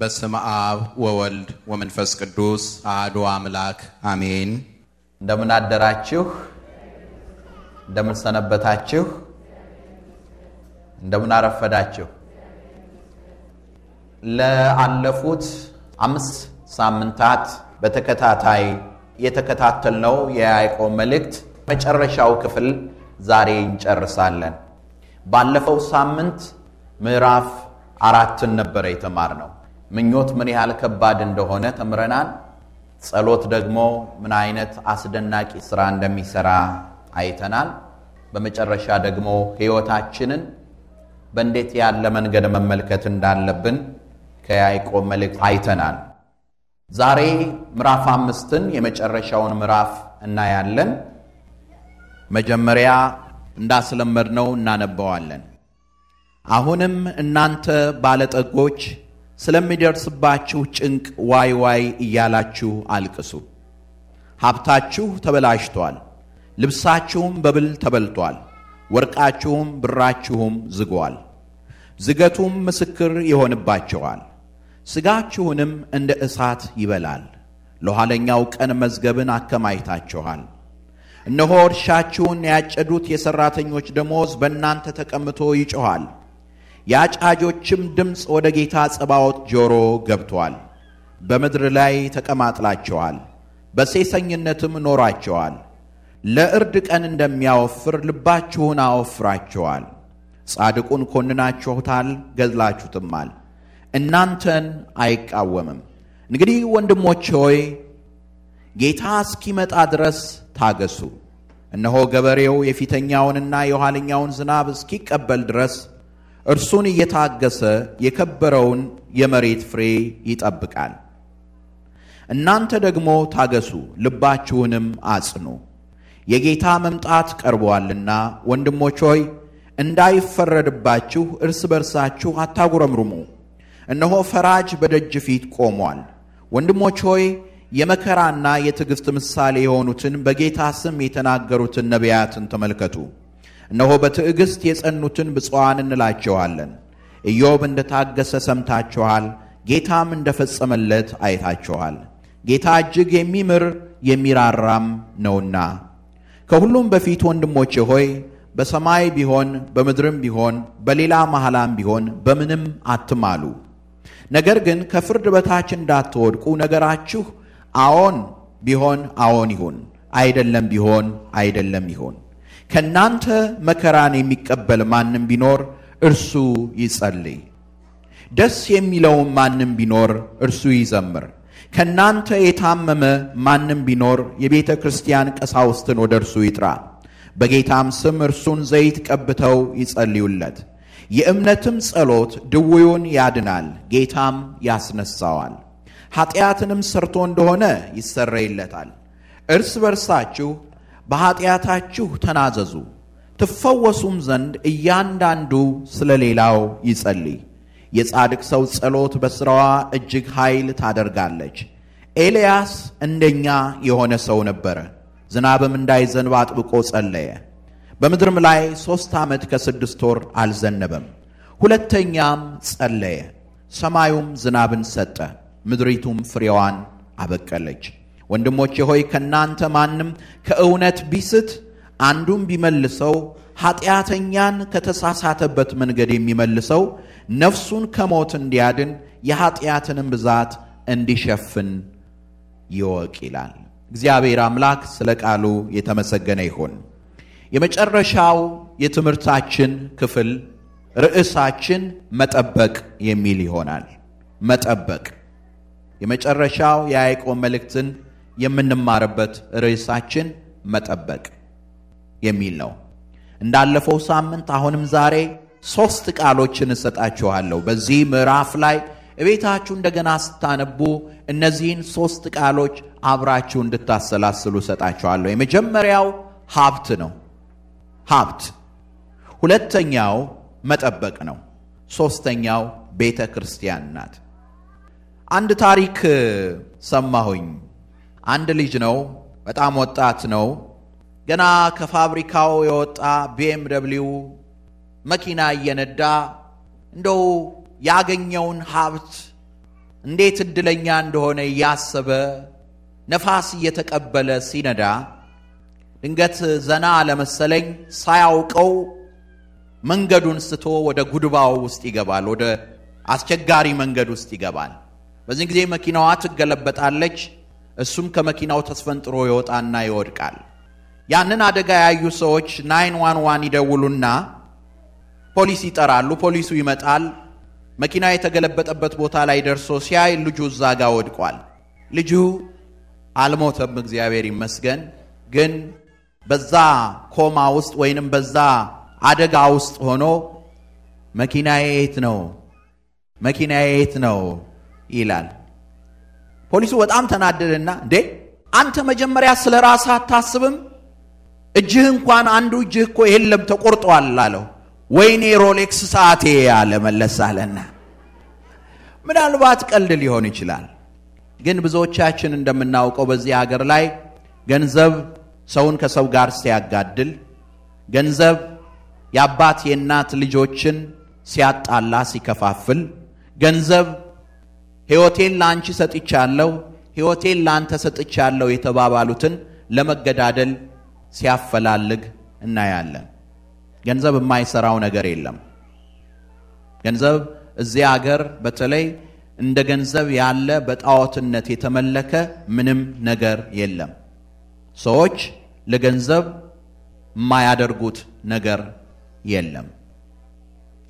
በስም አብ ወወልድ ወመንፈስ ቅዱስ አሐዱ አምላክ አሜን። እንደምን አደራችሁ? እንደምን ሰነበታችሁ? እንደምን አረፈዳችሁ? ለአለፉት አምስት ሳምንታት በተከታታይ የተከታተልነው የያዕቆብ መልእክት መጨረሻው ክፍል ዛሬ እንጨርሳለን። ባለፈው ሳምንት ምዕራፍ አራትን ነበረ የተማርነው። ምኞት ምን ያህል ከባድ እንደሆነ ተምረናል። ጸሎት ደግሞ ምን አይነት አስደናቂ ስራ እንደሚሰራ አይተናል። በመጨረሻ ደግሞ ሕይወታችንን በእንዴት ያለ መንገድ መመልከት እንዳለብን ከያዕቆብ መልእክት አይተናል። ዛሬ ምዕራፍ አምስትን የመጨረሻውን ምዕራፍ እናያለን። መጀመሪያ እንዳስለመድነው እናነበዋለን። አሁንም እናንተ ባለጠጎች ስለሚደርስባችሁ ጭንቅ ዋይ ዋይ እያላችሁ አልቅሱ። ሀብታችሁ ተበላሽቷል፣ ልብሳችሁም በብል ተበልቷል፣ ወርቃችሁም ብራችሁም ዝጓል። ዝገቱም ምስክር ይሆንባችኋል፣ ሥጋችሁንም እንደ እሳት ይበላል። ለኋለኛው ቀን መዝገብን አከማይታችኋል። እነሆ እርሻችሁን ያጨዱት የሠራተኞች ደሞዝ በእናንተ ተቀምቶ ይጮኋል። የአጫጆችም ድምፅ ወደ ጌታ ጽባዖት ጆሮ ገብቷል። በምድር ላይ ተቀማጥላቸዋል፣ በሴሰኝነትም ኖራቸዋል። ለእርድ ቀን እንደሚያወፍር ልባችሁን አወፍራቸዋል። ጻድቁን ኮንናችሁታል፣ ገድላችሁትማል፣ እናንተን አይቃወምም። እንግዲህ ወንድሞች ሆይ ጌታ እስኪመጣ ድረስ ታገሱ። እነሆ ገበሬው የፊተኛውንና የኋለኛውን ዝናብ እስኪቀበል ድረስ እርሱን እየታገሰ የከበረውን የመሬት ፍሬ ይጠብቃል። እናንተ ደግሞ ታገሱ፣ ልባችሁንም አጽኑ፣ የጌታ መምጣት ቀርቧልና። ወንድሞች ሆይ እንዳይፈረድባችሁ እርስ በርሳችሁ አታጉረምርሙ፣ እነሆ ፈራጅ በደጅ ፊት ቆሟል። ወንድሞች ሆይ የመከራና የትዕግሥት ምሳሌ የሆኑትን በጌታ ስም የተናገሩትን ነቢያትን ተመልከቱ። እነሆ በትዕግሥት የጸኑትን ብፁዓን እንላቸዋለን። ኢዮብ እንደ ታገሰ ሰምታችኋል፣ ጌታም እንደ ፈጸመለት አይታችኋል። ጌታ እጅግ የሚምር የሚራራም ነውና። ከሁሉም በፊት ወንድሞቼ ሆይ በሰማይ ቢሆን በምድርም ቢሆን በሌላ መሐላም ቢሆን በምንም አትማሉ። ነገር ግን ከፍርድ በታች እንዳትወድቁ ነገራችሁ አዎን ቢሆን አዎን ይሁን፣ አይደለም ቢሆን አይደለም ይሁን። ከእናንተ መከራን የሚቀበል ማንም ቢኖር እርሱ ይጸልይ። ደስ የሚለውም ማንም ቢኖር እርሱ ይዘምር። ከእናንተ የታመመ ማንም ቢኖር የቤተ ክርስቲያን ቀሳውስትን ወደ እርሱ ይጥራ፣ በጌታም ስም እርሱን ዘይት ቀብተው ይጸልዩለት። የእምነትም ጸሎት ድውዩን ያድናል፣ ጌታም ያስነሳዋል። ኃጢአትንም ሰርቶ እንደሆነ ይሰረይለታል። እርስ በርሳችሁ በኃጢአታችሁ ተናዘዙ ትፈወሱም ዘንድ እያንዳንዱ ስለ ሌላው ይጸልይ። የጻድቅ ሰው ጸሎት በሥራዋ እጅግ ኃይል ታደርጋለች። ኤልያስ እንደኛ የሆነ ሰው ነበረ። ዝናብም እንዳይዘንብ አጥብቆ ጸለየ። በምድርም ላይ ሦስት ዓመት ከስድስት ወር አልዘነበም። ሁለተኛም ጸለየ፣ ሰማዩም ዝናብን ሰጠ፣ ምድሪቱም ፍሬዋን አበቀለች። ወንድሞቼ ሆይ ከእናንተ ማንም ከእውነት ቢስት አንዱም ቢመልሰው ኃጢአተኛን ከተሳሳተበት መንገድ የሚመልሰው ነፍሱን ከሞት እንዲያድን የኃጢአትንም ብዛት እንዲሸፍን ይወቅ ይላል። እግዚአብሔር አምላክ ስለ ቃሉ የተመሰገነ ይሁን። የመጨረሻው የትምህርታችን ክፍል ርዕሳችን መጠበቅ የሚል ይሆናል። መጠበቅ የመጨረሻው የያዕቆብ መልእክትን የምንማርበት ርዕሳችን መጠበቅ የሚል ነው። እንዳለፈው ሳምንት አሁንም ዛሬ ሶስት ቃሎችን እሰጣችኋለሁ። በዚህ ምዕራፍ ላይ እቤታችሁ እንደገና ስታነቡ እነዚህን ሶስት ቃሎች አብራችሁ እንድታሰላስሉ እሰጣችኋለሁ። የመጀመሪያው ሀብት ነው፣ ሀብት። ሁለተኛው መጠበቅ ነው። ሶስተኛው ቤተ ክርስቲያን ናት። አንድ ታሪክ ሰማሁኝ። አንድ ልጅ ነው። በጣም ወጣት ነው። ገና ከፋብሪካው የወጣ ቢኤምደብሊው መኪና እየነዳ እንደው ያገኘውን ሀብት እንዴት እድለኛ እንደሆነ እያሰበ ነፋስ እየተቀበለ ሲነዳ ድንገት ዘና ለመሰለኝ ሳያውቀው መንገዱን ስቶ ወደ ጉድባው ውስጥ ይገባል። ወደ አስቸጋሪ መንገድ ውስጥ ይገባል። በዚህ ጊዜ መኪናዋ ትገለበጣለች። እሱም ከመኪናው ተስፈንጥሮ ይወጣና ይወድቃል። ያንን አደጋ ያዩ ሰዎች ናይን ዋን ዋን ይደውሉና ፖሊስ ይጠራሉ። ፖሊሱ ይመጣል። መኪና የተገለበጠበት ቦታ ላይ ደርሶ ሲያይ ልጁ እዛ ጋ ወድቋል። ልጁ አልሞተም፣ እግዚአብሔር ይመስገን። ግን በዛ ኮማ ውስጥ ወይንም በዛ አደጋ ውስጥ ሆኖ መኪናዬ የት ነው? መኪናዬ የት ነው ይላል። ፖሊሱ በጣም ተናደደና እንዴ አንተ መጀመሪያ ስለ ራስህ አታስብም? እጅህ እንኳን አንዱ እጅህ እኮ የለም ተቆርጧል አለው። ወይኔ ሮሌክስ ሰዓቴ አለ መለስ አለና ምናልባት ቀልድ ሊሆን ይችላል። ግን ብዙዎቻችን እንደምናውቀው በዚህ ሀገር ላይ ገንዘብ ሰውን ከሰው ጋር ሲያጋድል፣ ገንዘብ የአባት የእናት ልጆችን ሲያጣላ ሲከፋፍል፣ ገንዘብ ሕይወቴን ለአንቺ ሰጥቻለሁ፣ ሕይወቴን ለአንተ ሰጥቻለሁ የተባባሉትን ለመገዳደል ሲያፈላልግ እናያለን። ገንዘብ የማይሰራው ነገር የለም። ገንዘብ እዚያ አገር በተለይ እንደ ገንዘብ ያለ በጣዖትነት የተመለከ ምንም ነገር የለም። ሰዎች ለገንዘብ የማያደርጉት ነገር የለም።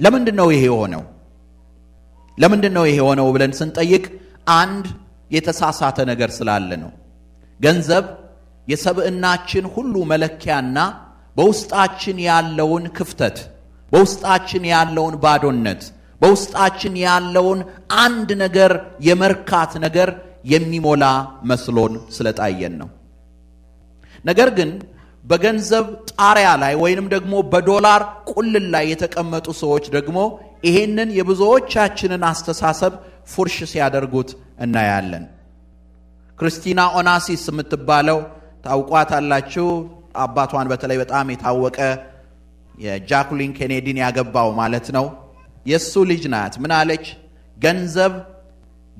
ለምንድን ነው ይሄ የሆነው? ለምንድን ነው ይሄ የሆነው ብለን ስንጠይቅ አንድ የተሳሳተ ነገር ስላለ ነው። ገንዘብ የሰብዕናችን ሁሉ መለኪያና በውስጣችን ያለውን ክፍተት፣ በውስጣችን ያለውን ባዶነት፣ በውስጣችን ያለውን አንድ ነገር የመርካት ነገር የሚሞላ መስሎን ስለታየን ነው። ነገር ግን በገንዘብ ጣሪያ ላይ ወይንም ደግሞ በዶላር ቁልል ላይ የተቀመጡ ሰዎች ደግሞ ይሄንን የብዙዎቻችንን አስተሳሰብ ፉርሽ ሲያደርጉት እናያለን። ክርስቲና ኦናሲስ የምትባለው ታውቋታላችሁ። አባቷን በተለይ በጣም የታወቀ የጃኩሊን ኬኔዲን ያገባው ማለት ነው የእሱ ልጅ ናት። ምን አለች? ገንዘብ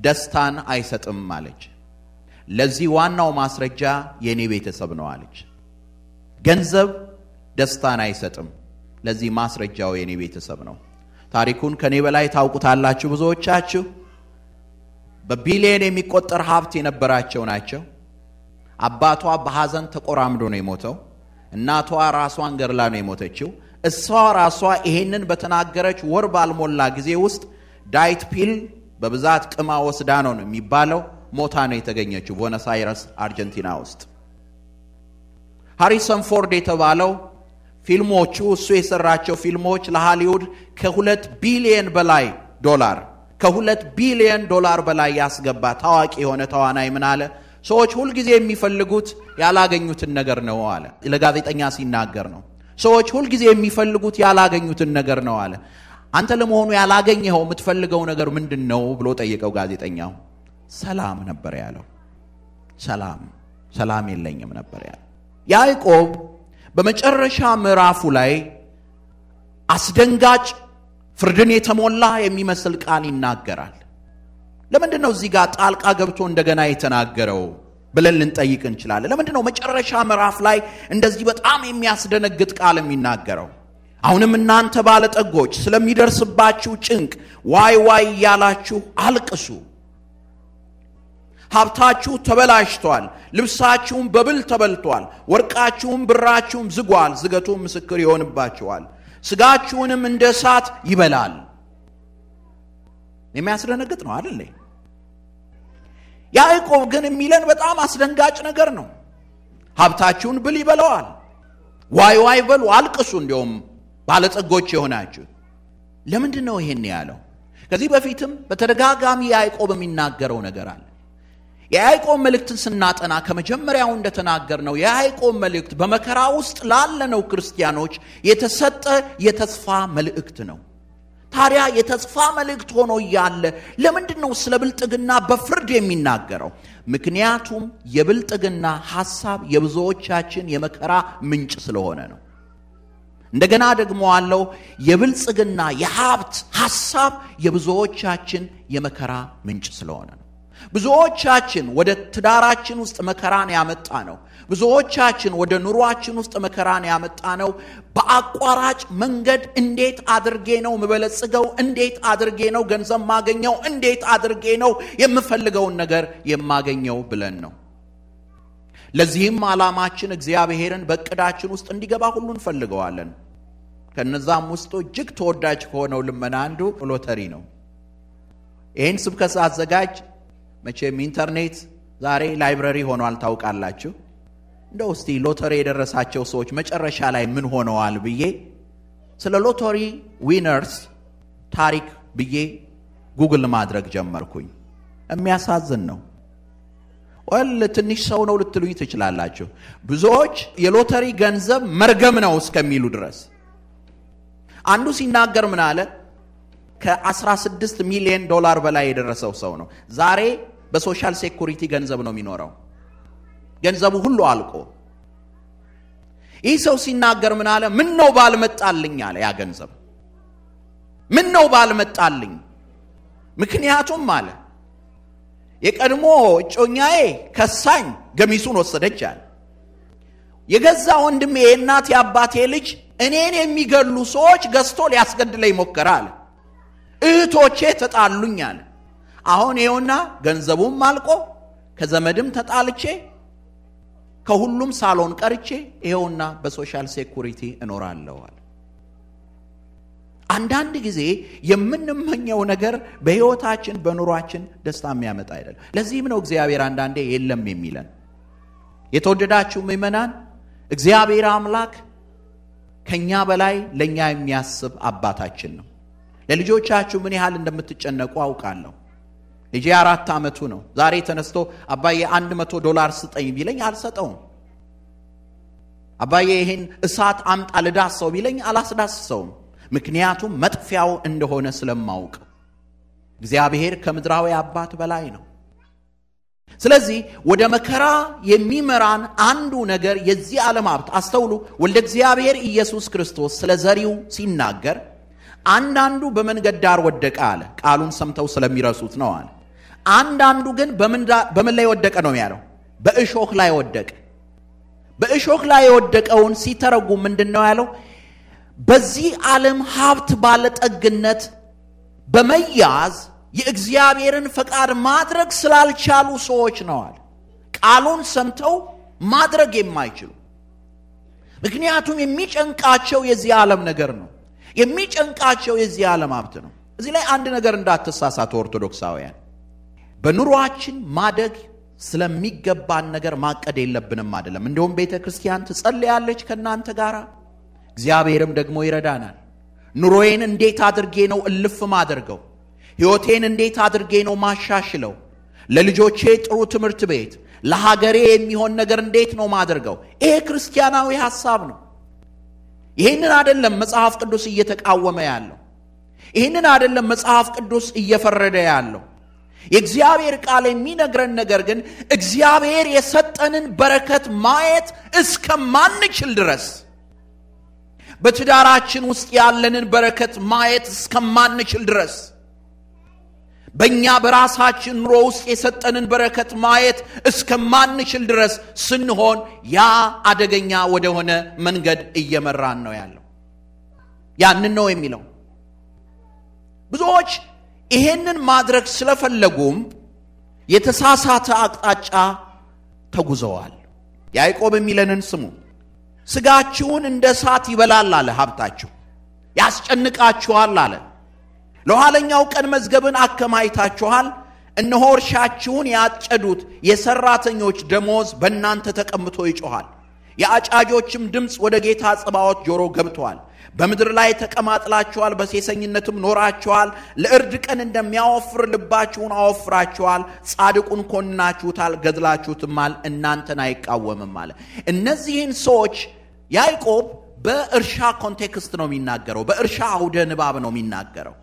ደስታን አይሰጥም አለች። ለዚህ ዋናው ማስረጃ የእኔ ቤተሰብ ነው አለች። ገንዘብ ደስታን አይሰጥም፣ ለዚህ ማስረጃው የእኔ ቤተሰብ ነው። ታሪኩን ከኔ በላይ ታውቁታላችሁ ብዙዎቻችሁ። በቢሊየን የሚቆጠር ሀብት የነበራቸው ናቸው። አባቷ በሐዘን ተቆራምዶ ነው የሞተው። እናቷ ራሷን ገድላ ነው የሞተችው። እሷ ራሷ ይሄንን በተናገረች ወር ባልሞላ ጊዜ ውስጥ ዳይት ፒል በብዛት ቅማ ወስዳ ነው የሚባለው ሞታ ነው የተገኘችው ቦነስ አይረስ አርጀንቲና ውስጥ። ሃሪሰን ፎርድ የተባለው ፊልሞቹ እሱ የሰራቸው ፊልሞች ለሃሊውድ ከሁለት ቢሊየን በላይ ዶላር ከሁለት ቢሊየን ዶላር በላይ ያስገባ ታዋቂ የሆነ ተዋናይ ምን አለ? ሰዎች ሁልጊዜ የሚፈልጉት ያላገኙትን ነገር ነው አለ። ለጋዜጠኛ ሲናገር ነው። ሰዎች ሁልጊዜ የሚፈልጉት ያላገኙትን ነገር ነው አለ። አንተ ለመሆኑ ያላገኘኸው የምትፈልገው ነገር ምንድን ነው ብሎ ጠየቀው ጋዜጠኛው። ሰላም ነበር ያለው። ሰላም ሰላም የለኝም ነበር ያለው ያዕቆብ በመጨረሻ ምዕራፉ ላይ አስደንጋጭ ፍርድን የተሞላ የሚመስል ቃል ይናገራል። ለምንድን ነው እዚህ ጋር ጣልቃ ገብቶ እንደገና የተናገረው ብለን ልንጠይቅ እንችላለን። ለምንድን ነው መጨረሻ ምዕራፍ ላይ እንደዚህ በጣም የሚያስደነግጥ ቃል የሚናገረው? አሁንም እናንተ ባለጠጎች ስለሚደርስባችሁ ጭንቅ ዋይ ዋይ እያላችሁ አልቅሱ ሀብታችሁ ተበላሽቷል፣ ልብሳችሁም በብል ተበልቷል፣ ወርቃችሁም ብራችሁም ዝጓል፣ ዝገቱ ምስክር ይሆንባችኋል፣ ስጋችሁንም እንደ እሳት ይበላል። የሚያስደነግጥ ነው አይደል? ያዕቆብ ግን የሚለን በጣም አስደንጋጭ ነገር ነው። ሀብታችሁን ብል ይበላዋል። ዋይ ዋይ በሉ አልቅሱ፣ እንዲሁም ባለጸጎች የሆናችሁ። ለምንድን ነው ይሄን ያለው? ከዚህ በፊትም በተደጋጋሚ ያዕቆብ የሚናገረው ነገር አለ። የያዕቆብ መልእክትን ስናጠና ከመጀመሪያው እንደተናገር ነው የያዕቆብ መልእክት በመከራ ውስጥ ላለነው ክርስቲያኖች የተሰጠ የተስፋ መልእክት ነው። ታዲያ የተስፋ መልእክት ሆኖ እያለ ለምንድን ነው ስለ ብልጥግና በፍርድ የሚናገረው? ምክንያቱም የብልጥግና ሐሳብ የብዙዎቻችን የመከራ ምንጭ ስለሆነ ነው። እንደገና ደግሞ አለው የብልጽግና የሀብት ሐሳብ የብዙዎቻችን የመከራ ምንጭ ስለሆነ ነው። ብዙዎቻችን ወደ ትዳራችን ውስጥ መከራን ያመጣ ነው። ብዙዎቻችን ወደ ኑሯችን ውስጥ መከራን ያመጣ ነው። በአቋራጭ መንገድ እንዴት አድርጌ ነው የምበለጽገው? እንዴት አድርጌ ነው ገንዘብ ማገኘው? እንዴት አድርጌ ነው የምፈልገውን ነገር የማገኘው ብለን ነው። ለዚህም ዓላማችን እግዚአብሔርን በእቅዳችን ውስጥ እንዲገባ ሁሉ እንፈልገዋለን። ከነዛም ውስጡ እጅግ ተወዳጅ ከሆነው ልመና አንዱ ሎተሪ ነው። ይህን ስብከት ሳዘጋጅ መቼም ኢንተርኔት ዛሬ ላይብረሪ ሆኗል ታውቃላችሁ። እንደ ውስቲ ሎተሪ የደረሳቸው ሰዎች መጨረሻ ላይ ምን ሆነዋል ብዬ ስለ ሎተሪ ዊነርስ ታሪክ ብዬ ጉግል ማድረግ ጀመርኩኝ። የሚያሳዝን ነው። ወል ትንሽ ሰው ነው ልትሉኝ ትችላላችሁ። ብዙዎች የሎተሪ ገንዘብ መርገም ነው እስከሚሉ ድረስ አንዱ ሲናገር ምን አለ? ከ16 ሚሊዮን ዶላር በላይ የደረሰው ሰው ነው ዛሬ በሶሻል ሴኩሪቲ ገንዘብ ነው የሚኖረው። ገንዘቡ ሁሉ አልቆ ይህ ሰው ሲናገር ምን አለ? ምን ነው ባልመጣልኝ አለ። ያ ገንዘብ ምን ነው ባልመጣልኝ። ምክንያቱም አለ የቀድሞ እጮኛዬ ከሳኝ፣ ገሚሱን ወሰደች አለ። የገዛ ወንድሜ የእናት የአባቴ ልጅ እኔን የሚገሉ ሰዎች ገዝቶ ሊያስገድለኝ ሞከረ አለ። እህቶቼ ተጣሉኝ አለ። አሁን ይኸውና ገንዘቡም አልቆ ከዘመድም ተጣልቼ ከሁሉም ሳሎን ቀርቼ ይኸውና በሶሻል ሴኩሪቲ እኖራለዋል። አንዳንድ ጊዜ የምንመኘው ነገር በሕይወታችን በኑሯችን ደስታ የሚያመጣ አይደለም። ለዚህም ነው እግዚአብሔር አንዳንዴ የለም የሚለን። የተወደዳችሁ ምእመናን እግዚአብሔር አምላክ ከእኛ በላይ ለእኛ የሚያስብ አባታችን ነው። ለልጆቻችሁ ምን ያህል እንደምትጨነቁ አውቃለሁ። ልጄ አራት ዓመቱ ነው። ዛሬ ተነስቶ አባዬ አንድ መቶ ዶላር ስጠኝ ቢለኝ አልሰጠውም። አባዬ ይህን እሳት አምጣ ልዳሰው ቢለኝ አላስዳስሰውም። ምክንያቱም መጥፊያው እንደሆነ ስለማውቅ እግዚአብሔር ከምድራዊ አባት በላይ ነው። ስለዚህ ወደ መከራ የሚመራን አንዱ ነገር የዚህ ዓለም ሀብት አስተውሉ። ወልደ እግዚአብሔር ኢየሱስ ክርስቶስ ስለ ዘሪው ሲናገር አንዳንዱ በመንገድ ዳር ወደቀ አለ። ቃሉን ሰምተው ስለሚረሱት ነው አለ። አንዳንዱ ግን በምን ላይ ወደቀ ነው ያለው? በእሾህ ላይ ወደቀ። በእሾህ ላይ የወደቀውን ሲተረጉም ምንድን ነው ያለው? በዚህ ዓለም ሀብት ባለጠግነት በመያዝ የእግዚአብሔርን ፈቃድ ማድረግ ስላልቻሉ ሰዎች ነዋል። ቃሉን ሰምተው ማድረግ የማይችሉ ምክንያቱም የሚጨንቃቸው የዚህ ዓለም ነገር ነው። የሚጨንቃቸው የዚህ ዓለም ሀብት ነው። እዚህ ላይ አንድ ነገር እንዳትሳሳቱ ኦርቶዶክሳውያን በኑሯችን ማደግ ስለሚገባን ነገር ማቀድ የለብንም አይደለም። እንዲሁም ቤተ ክርስቲያን ትጸልያለች ከእናንተ ጋር፣ እግዚአብሔርም ደግሞ ይረዳናል። ኑሮዬን እንዴት አድርጌ ነው እልፍ ማደርገው? ሕይወቴን እንዴት አድርጌ ነው ማሻሽለው? ለልጆቼ ጥሩ ትምህርት ቤት፣ ለሀገሬ የሚሆን ነገር እንዴት ነው ማደርገው? ይሄ ክርስቲያናዊ ሐሳብ ነው። ይህንን አይደለም መጽሐፍ ቅዱስ እየተቃወመ ያለው። ይህንን አይደለም መጽሐፍ ቅዱስ እየፈረደ ያለው። የእግዚአብሔር ቃል የሚነግረን ነገር ግን እግዚአብሔር የሰጠንን በረከት ማየት እስከማንችል ድረስ በትዳራችን ውስጥ ያለንን በረከት ማየት እስከማንችል ድረስ በእኛ በራሳችን ኑሮ ውስጥ የሰጠንን በረከት ማየት እስከማንችል ድረስ ስንሆን ያ አደገኛ ወደሆነ መንገድ እየመራን ነው ያለው። ያንን ነው የሚለው ብዙዎች ይሄንን ማድረግ ስለፈለጉም የተሳሳተ አቅጣጫ ተጉዘዋል። ያዕቆብ የሚለንን ስሙ። ስጋችሁን እንደ እሳት ይበላል አለ፣ ሀብታችሁ ያስጨንቃችኋል አለ። ለኋለኛው ቀን መዝገብን አከማይታችኋል። እነሆ እርሻችሁን ያጨዱት የሠራተኞች ደሞዝ በእናንተ ተቀምቶ ይጮኋል። የአጫጆችም ድምፅ ወደ ጌታ ጽባዖት ጆሮ ገብቷል። በምድር ላይ ተቀማጥላችኋል፣ በሴሰኝነትም ኖራችኋል። ለእርድ ቀን እንደሚያወፍር ልባችሁን አወፍራችኋል። ጻድቁን ኮንናችሁታል፣ ገድላችሁትማል፣ እናንተን አይቃወምም አለ። እነዚህን ሰዎች ያዕቆብ በእርሻ ኮንቴክስት ነው የሚናገረው፣ በእርሻ አውደ ንባብ ነው የሚናገረው።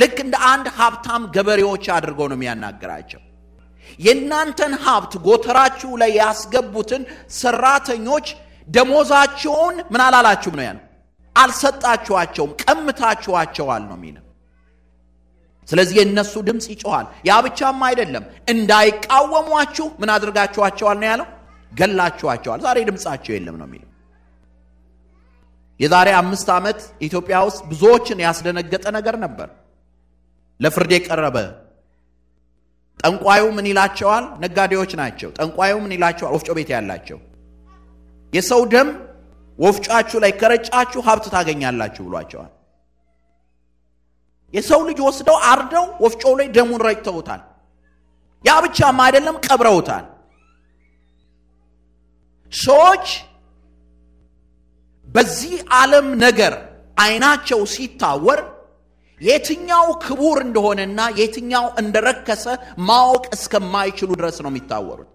ልክ እንደ አንድ ሀብታም ገበሬዎች አድርጎ ነው የሚያናግራቸው። የእናንተን ሀብት ጎተራችሁ ላይ ያስገቡትን ሰራተኞች ደሞዛቸውን ምን አላላችሁም ነው ያለው አልሰጣችኋቸውም፣ ቀምታችኋቸዋል ነው የሚለው። ስለዚህ የእነሱ ድምፅ ይጮኋል። ያ ብቻም አይደለም፣ እንዳይቃወሟችሁ ምን አድርጋችኋቸዋል ነው ያለው? ገላችኋቸዋል። ዛሬ ድምፃቸው የለም ነው የሚለው። የዛሬ አምስት ዓመት ኢትዮጵያ ውስጥ ብዙዎችን ያስደነገጠ ነገር ነበር። ለፍርድ የቀረበ ጠንቋዩ ምን ይላቸዋል? ነጋዴዎች ናቸው። ጠንቋዩ ምን ይላቸዋል? ወፍጮ ቤት ያላቸው የሰው ደም ወፍጫችሁ ላይ ከረጫችሁ ሀብት ታገኛላችሁ ብሏቸዋል። የሰው ልጅ ወስደው አርደው ወፍጮው ላይ ደሙን ረጭተውታል። ያ ብቻም አይደለም ቀብረውታል። ሰዎች በዚህ ዓለም ነገር አይናቸው ሲታወር የትኛው ክቡር እንደሆነና የትኛው እንደረከሰ ማወቅ እስከማይችሉ ድረስ ነው የሚታወሩት።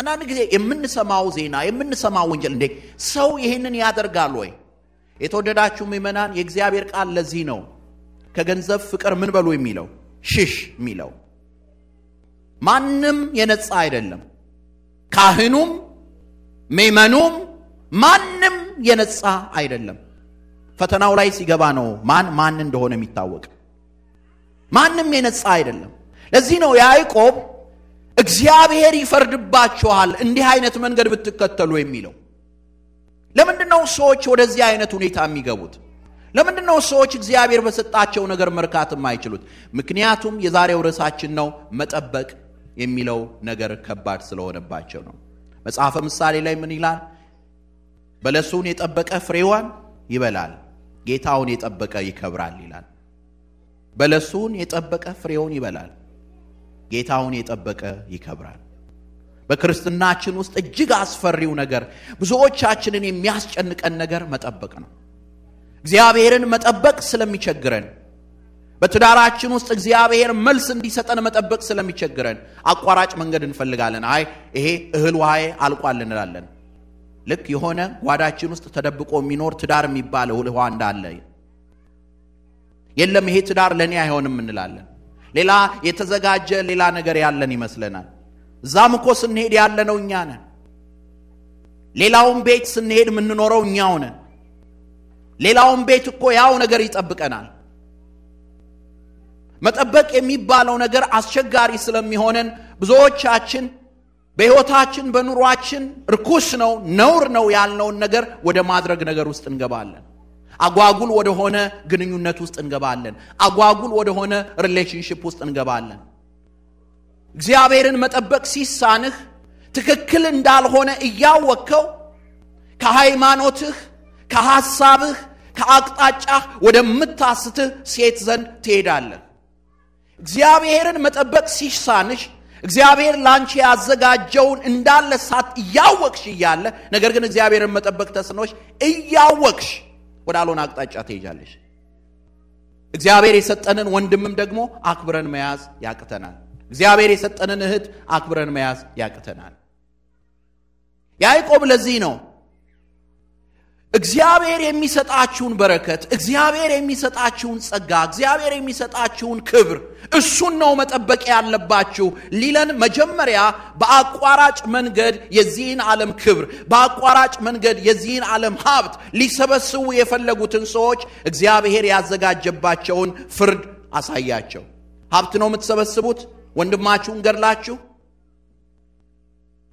አንዳንድ ጊዜ የምንሰማው ዜና የምንሰማው ወንጀል እንዴ ሰው ይህንን ያደርጋል ወይ? የተወደዳችሁ ምእመናን የእግዚአብሔር ቃል ለዚህ ነው ከገንዘብ ፍቅር ምን በሉ የሚለው ሽሽ የሚለው ማንም የነጻ አይደለም። ካህኑም ምእመኑም ማንም የነጻ አይደለም። ፈተናው ላይ ሲገባ ነው ማን ማን እንደሆነ የሚታወቅ። ማንም የነጻ አይደለም። ለዚህ ነው ያዕቆብ እግዚአብሔር ይፈርድባችኋል እንዲህ አይነት መንገድ ብትከተሉ የሚለው ለምንድን ነው ሰዎች ወደዚህ አይነት ሁኔታ የሚገቡት ለምንድን ነው ሰዎች እግዚአብሔር በሰጣቸው ነገር መርካት የማይችሉት ምክንያቱም የዛሬው ርዕሳችን ነው መጠበቅ የሚለው ነገር ከባድ ስለሆነባቸው ነው መጽሐፈ ምሳሌ ላይ ምን ይላል በለሱን የጠበቀ ፍሬዋን ይበላል ጌታውን የጠበቀ ይከብራል ይላል በለሱን የጠበቀ ፍሬውን ይበላል ጌታውን የጠበቀ ይከብራል። በክርስትናችን ውስጥ እጅግ አስፈሪው ነገር ብዙዎቻችንን የሚያስጨንቀን ነገር መጠበቅ ነው። እግዚአብሔርን መጠበቅ ስለሚቸግረን፣ በትዳራችን ውስጥ እግዚአብሔር መልስ እንዲሰጠን መጠበቅ ስለሚቸግረን አቋራጭ መንገድ እንፈልጋለን። አይ ይሄ እህል ውሃዬ አልቋል እንላለን። ልክ የሆነ ጓዳችን ውስጥ ተደብቆ የሚኖር ትዳር የሚባል እህል ውሃ እንዳለ የለም። ይሄ ትዳር ለእኔ አይሆንም እንላለን። ሌላ የተዘጋጀ ሌላ ነገር ያለን ይመስለናል። እዛም እኮ ስንሄድ ያለነው እኛ ነን። ሌላውን ቤት ስንሄድ የምንኖረው እኛው ነን። ሌላውን ቤት እኮ ያው ነገር ይጠብቀናል። መጠበቅ የሚባለው ነገር አስቸጋሪ ስለሚሆነን ብዙዎቻችን በሕይወታችን በኑሯችን ርኩስ ነው ነውር ነው ያልነውን ነገር ወደ ማድረግ ነገር ውስጥ እንገባለን። አጓጉል ወደሆነ ግንኙነት ውስጥ እንገባለን። አጓጉል ወደሆነ ሪሌሽንሽፕ ውስጥ እንገባለን። እግዚአብሔርን መጠበቅ ሲሳንህ ትክክል እንዳልሆነ እያወቅከው ከሃይማኖትህ፣ ከሐሳብህ፣ ከአቅጣጫህ ወደምታስትህ ሴት ዘንድ ትሄዳለህ። እግዚአብሔርን መጠበቅ ሲሳንሽ እግዚአብሔር ላንቺ ያዘጋጀውን እንዳለ ሳት እያወቅሽ እያለ ነገር ግን እግዚአብሔርን መጠበቅ ተስኖች እያወቅሽ ወደ አቅጣጫ ትሄጃለሽ። እግዚአብሔር የሰጠንን ወንድምም ደግሞ አክብረን መያዝ ያቅተናል። እግዚአብሔር የሰጠንን እህት አክብረን መያዝ ያቅተናል። ያዕቆብ ለዚህ ነው እግዚአብሔር የሚሰጣችሁን በረከት፣ እግዚአብሔር የሚሰጣችሁን ጸጋ፣ እግዚአብሔር የሚሰጣችሁን ክብር እሱን ነው መጠበቅ ያለባችሁ ሊለን መጀመሪያ በአቋራጭ መንገድ የዚህን ዓለም ክብር በአቋራጭ መንገድ የዚህን ዓለም ሀብት ሊሰበስቡ የፈለጉትን ሰዎች እግዚአብሔር ያዘጋጀባቸውን ፍርድ አሳያቸው። ሀብት ነው የምትሰበስቡት? ወንድማችሁን ገድላችሁ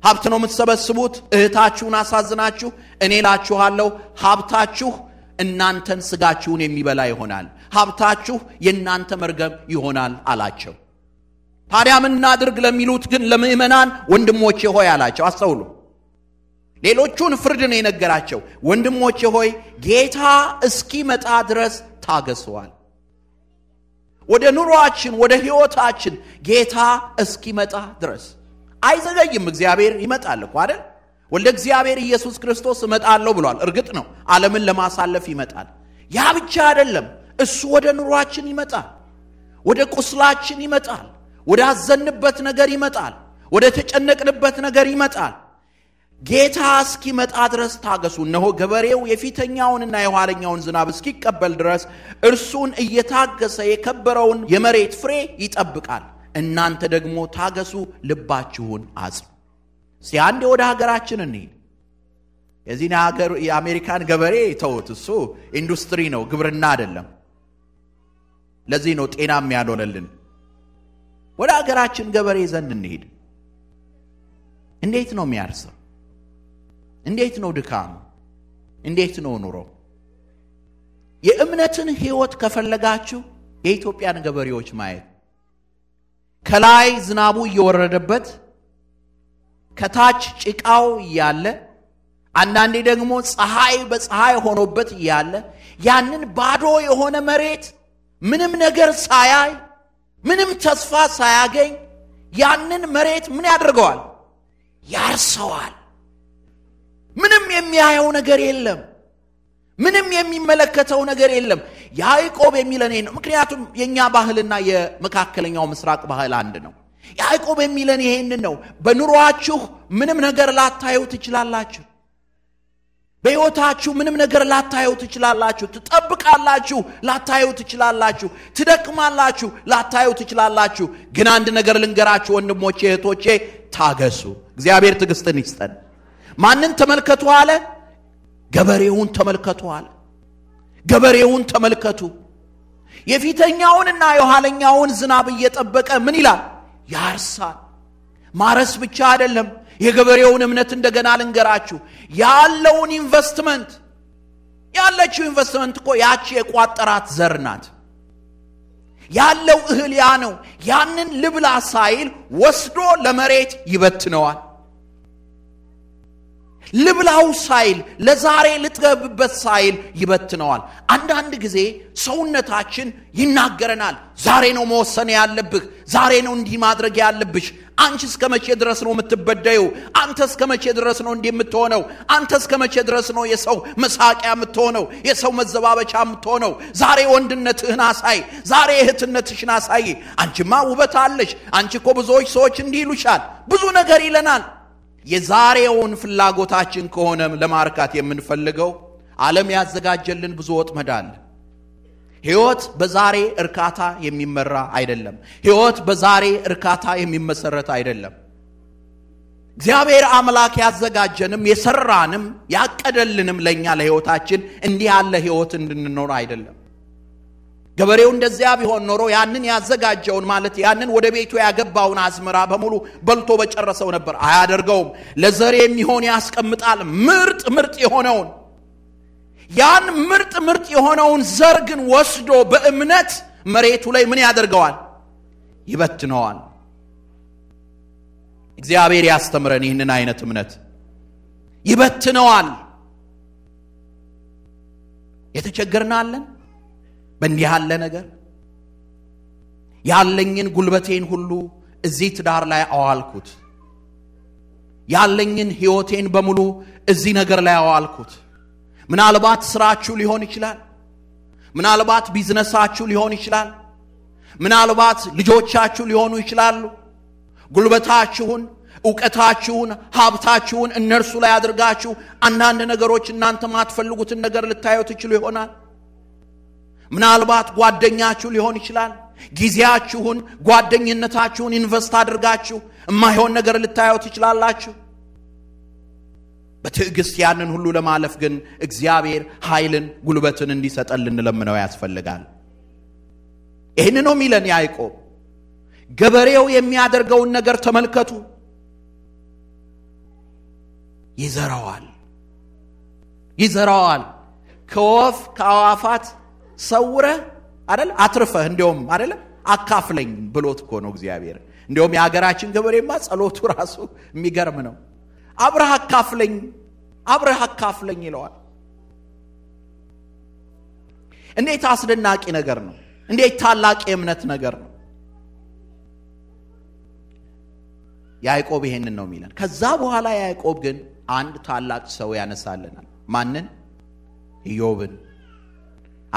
ሀብት ነው የምትሰበስቡት። እህታችሁን አሳዝናችሁ፣ እኔ እላችኋለሁ ሀብታችሁ እናንተን ስጋችሁን የሚበላ ይሆናል፣ ሀብታችሁ የእናንተ መርገም ይሆናል አላቸው። ታዲያ ምን እናድርግ ለሚሉት ግን ለምእመናን ወንድሞቼ ሆይ አላቸው። አስተውሉ። ሌሎቹን ፍርድ ነው የነገራቸው። ወንድሞቼ ሆይ ጌታ እስኪመጣ ድረስ ታገሰዋል። ወደ ኑሯችን፣ ወደ ሕይወታችን ጌታ እስኪመጣ ድረስ አይዘገይም። እግዚአብሔር ይመጣል እኮ አይደል? ወልደ እግዚአብሔር ኢየሱስ ክርስቶስ እመጣለሁ ብሏል። እርግጥ ነው ዓለምን ለማሳለፍ ይመጣል። ያ ብቻ አይደለም። እሱ ወደ ኑሯችን ይመጣል። ወደ ቁስላችን ይመጣል። ወደ አዘንበት ነገር ይመጣል። ወደ ተጨነቅንበት ነገር ይመጣል። ጌታ እስኪመጣ ድረስ ታገሱ። እነሆ ገበሬው የፊተኛውንና የኋለኛውን ዝናብ እስኪቀበል ድረስ እርሱን እየታገሰ የከበረውን የመሬት ፍሬ ይጠብቃል። እናንተ ደግሞ ታገሱ፣ ልባችሁን አጽኑ። እስቲ አንዴ ወደ ሀገራችን እንሂድ። የዚህን ሀገር የአሜሪካን ገበሬ ተውት፣ እሱ ኢንዱስትሪ ነው፣ ግብርና አይደለም። ለዚህ ነው ጤናም ያልሆነልን። ወደ ሀገራችን ገበሬ ዘንድ እንሂድ። እንዴት ነው የሚያርሰው? እንዴት ነው ድካም? እንዴት ነው ኑሮ? የእምነትን ሕይወት ከፈለጋችሁ የኢትዮጵያን ገበሬዎች ማየት ከላይ ዝናቡ እየወረደበት ከታች ጭቃው እያለ አንዳንዴ ደግሞ ፀሐይ በፀሐይ ሆኖበት እያለ ያንን ባዶ የሆነ መሬት ምንም ነገር ሳያይ ምንም ተስፋ ሳያገኝ ያንን መሬት ምን ያደርገዋል? ያርሰዋል። ምንም የሚያየው ነገር የለም። ምንም የሚመለከተው ነገር የለም። ያዕቆብ የሚለን ይሄ ነው። ምክንያቱም የእኛ ባህልና የመካከለኛው ምስራቅ ባህል አንድ ነው። ያዕቆብ የሚለን ይሄንን ነው። በኑሯችሁ ምንም ነገር ላታዩ ትችላላችሁ። በሕይወታችሁ ምንም ነገር ላታዩ ትችላላችሁ። ትጠብቃላችሁ፣ ላታዩ ትችላላችሁ። ትደክማላችሁ፣ ላታዩ ትችላላችሁ። ግን አንድ ነገር ልንገራችሁ ወንድሞቼ፣ እህቶቼ፣ ታገሱ። እግዚአብሔር ትዕግስትን ይስጠን። ማንን ተመልከቱ አለ? ገበሬውን ተመልከቱ አለ። ገበሬውን ተመልከቱ። የፊተኛውንና የኋለኛውን ዝናብ እየጠበቀ ምን ይላል? ያርሳል። ማረስ ብቻ አይደለም። የገበሬውን እምነት እንደገና ልንገራችሁ። ያለውን ኢንቨስትመንት ያለችው ኢንቨስትመንት እኮ ያቺ የቋጠራት ዘር ናት። ያለው እህል ያ ነው። ያንን ልብላ ሳይል ወስዶ ለመሬት ይበትነዋል። ልብላው ሳይል ለዛሬ ልጥገብበት ሳይል ይበትነዋል። አንዳንድ ጊዜ ሰውነታችን ይናገረናል። ዛሬ ነው መወሰን ያለብህ፣ ዛሬ ነው እንዲህ ማድረግ ያለብሽ። አንቺ እስከ መቼ ድረስ ነው የምትበደዩ? አንተ እስከ መቼ ድረስ ነው እንዲህ የምትሆነው? አንተ እስከ መቼ ድረስ ነው የሰው መሳቂያ የምትሆነው? የሰው መዘባበቻ የምትሆነው? ዛሬ ወንድነትህን አሳይ፣ ዛሬ እህትነትሽን አሳይ። አንቺማ ውበት አለሽ፣ አንቺ እኮ ብዙዎች ሰዎች እንዲህ ይሉሻል፣ ብዙ ነገር ይለናል። የዛሬውን ፍላጎታችን ከሆነ ለማርካት የምንፈልገው ዓለም ያዘጋጀልን ብዙ ወጥመድ አለ። ሕይወት በዛሬ እርካታ የሚመራ አይደለም። ሕይወት በዛሬ እርካታ የሚመሰረት አይደለም። እግዚአብሔር አምላክ ያዘጋጀንም የሰራንም ያቀደልንም ለእኛ ለሕይወታችን እንዲህ ያለ ሕይወት እንድንኖር አይደለም። ገበሬው እንደዚያ ቢሆን ኖሮ ያንን ያዘጋጀውን ማለት ያንን ወደ ቤቱ ያገባውን አዝመራ በሙሉ በልቶ በጨረሰው ነበር። አያደርገውም። ለዘር የሚሆን ያስቀምጣል፣ ምርጥ ምርጥ የሆነውን ያን ምርጥ ምርጥ የሆነውን ዘር ግን ወስዶ በእምነት መሬቱ ላይ ምን ያደርገዋል? ይበትነዋል። እግዚአብሔር ያስተምረን ይህንን አይነት እምነት። ይበትነዋል። የተቸገርናለን በእንዲህ ያለ ነገር ያለኝን ጉልበቴን ሁሉ እዚህ ትዳር ላይ አዋልኩት። ያለኝን ሕይወቴን በሙሉ እዚህ ነገር ላይ አዋልኩት። ምናልባት ስራችሁ ሊሆን ይችላል። ምናልባት ቢዝነሳችሁ ሊሆን ይችላል። ምናልባት ልጆቻችሁ ሊሆኑ ይችላሉ። ጉልበታችሁን፣ እውቀታችሁን፣ ሀብታችሁን እነርሱ ላይ አድርጋችሁ አንዳንድ ነገሮች እናንተ ማትፈልጉትን ነገር ልታዩ ትችሉ ይሆናል። ምናልባት ጓደኛችሁ ሊሆን ይችላል። ጊዜያችሁን፣ ጓደኝነታችሁን ኢንቨስት አድርጋችሁ የማይሆን ነገር ልታየው ትችላላችሁ። በትዕግስት ያንን ሁሉ ለማለፍ ግን እግዚአብሔር ኃይልን፣ ጉልበትን እንዲሰጠን ልንለምነው ያስፈልጋል። ይህን ነው የሚለን ያዕቆብ። ገበሬው የሚያደርገውን ነገር ተመልከቱ። ይዘራዋል ይዘራዋል ከወፍ ከአዋፋት ሰውረህ አደለ አትርፈህ እንዲሁም አደለ አካፍለኝ ብሎት እኮ ነው እግዚአብሔር። እንዲሁም የሀገራችን ገበሬማ ጸሎቱ ራሱ የሚገርም ነው። አብረህ አካፍለኝ፣ አብረህ አካፍለኝ ይለዋል። እንዴት አስደናቂ ነገር ነው! እንዴት ታላቅ የእምነት ነገር ነው! ያዕቆብ ይሄንን ነው የሚለን። ከዛ በኋላ ያዕቆብ ግን አንድ ታላቅ ሰው ያነሳልናል። ማንን? ኢዮብን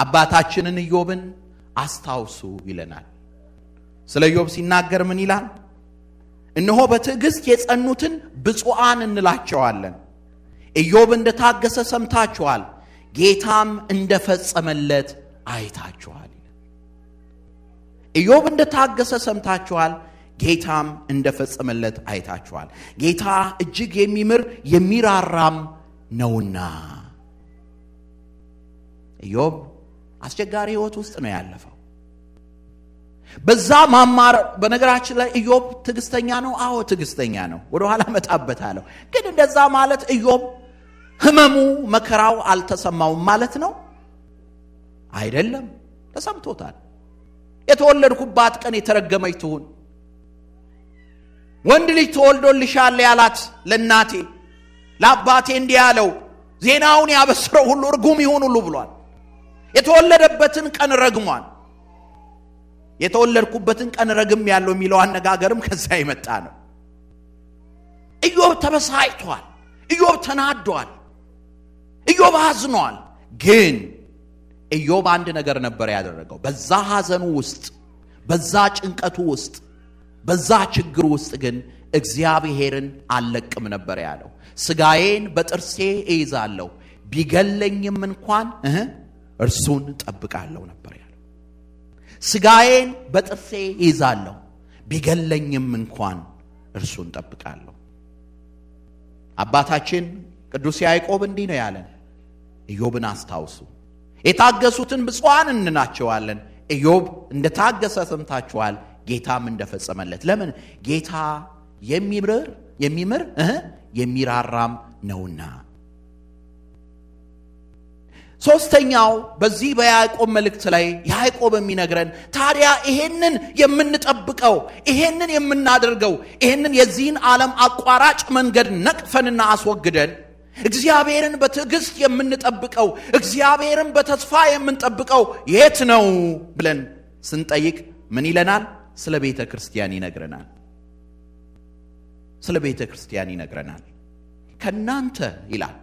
አባታችንን ኢዮብን አስታውሱ ይለናል። ስለ ኢዮብ ሲናገር ምን ይላል? እነሆ በትዕግሥት የጸኑትን ብፁዓን እንላቸዋለን። ኢዮብ እንደታገሰ ሰምታችኋል፣ ጌታም እንደፈጸመለት አይታችኋል። ኢዮብ እንደታገሰ ሰምታችኋል፣ ጌታም እንደፈጸመለት አይታችኋል። ጌታ እጅግ የሚምር የሚራራም ነውና ኢዮብ አስቸጋሪ ህይወት ውስጥ ነው ያለፈው። በዛ ማማር በነገራችን ላይ ኢዮብ ትዕግስተኛ ነው። አዎ ትዕግስተኛ ነው። ወደ ኋላ መጣበታለሁ። ግን እንደዛ ማለት ኢዮብ ህመሙ መከራው አልተሰማውም ማለት ነው አይደለም። ተሰምቶታል። የተወለድኩባት ቀን የተረገመች ትሁን፣ ወንድ ልጅ ተወልዶልሻል ያላት ለእናቴ ለአባቴ እንዲህ ያለው ዜናውን ያበስረው ሁሉ እርጉም ይሁን ሁሉ ብሏል። የተወለደበትን ቀን ረግሟል። የተወለድኩበትን ቀን ረግም ያለው የሚለው አነጋገርም ከዛ የመጣ ነው። ኢዮብ ተበሳጭቷል። ኢዮብ ተናዷል። ኢዮብ አዝኗል። ግን ኢዮብ አንድ ነገር ነበር ያደረገው። በዛ ሐዘኑ ውስጥ፣ በዛ ጭንቀቱ ውስጥ፣ በዛ ችግር ውስጥ ግን እግዚአብሔርን አልለቅም ነበር ያለው። ስጋዬን በጥርሴ እይዛለሁ ቢገለኝም እንኳን እርሱን ጠብቃለሁ ነበር ያለው። ስጋዬን በጥርሴ ይዛለሁ፣ ቢገለኝም እንኳን እርሱን ጠብቃለሁ። አባታችን ቅዱስ ያዕቆብ እንዲህ ነው ያለን። ኢዮብን አስታውሱ። የታገሱትን ብፁዓን እንናቸዋለን። ኢዮብ እንደታገሰ ሰምታችኋል፣ ጌታም እንደፈጸመለት። ለምን? ጌታ የሚምር የሚምር የሚራራም ነውና። ሶስተኛው በዚህ በያዕቆብ መልእክት ላይ ያዕቆብ የሚነግረን ታዲያ ይሄንን የምንጠብቀው ይሄንን የምናደርገው ይሄንን የዚህን ዓለም አቋራጭ መንገድ ነቅፈንና አስወግደን እግዚአብሔርን በትዕግሥት የምንጠብቀው እግዚአብሔርን በተስፋ የምንጠብቀው የት ነው ብለን ስንጠይቅ ምን ይለናል? ስለ ቤተ ክርስቲያን ይነግረናል። ስለ ቤተ ክርስቲያን ይነግረናል። ከእናንተ ይላል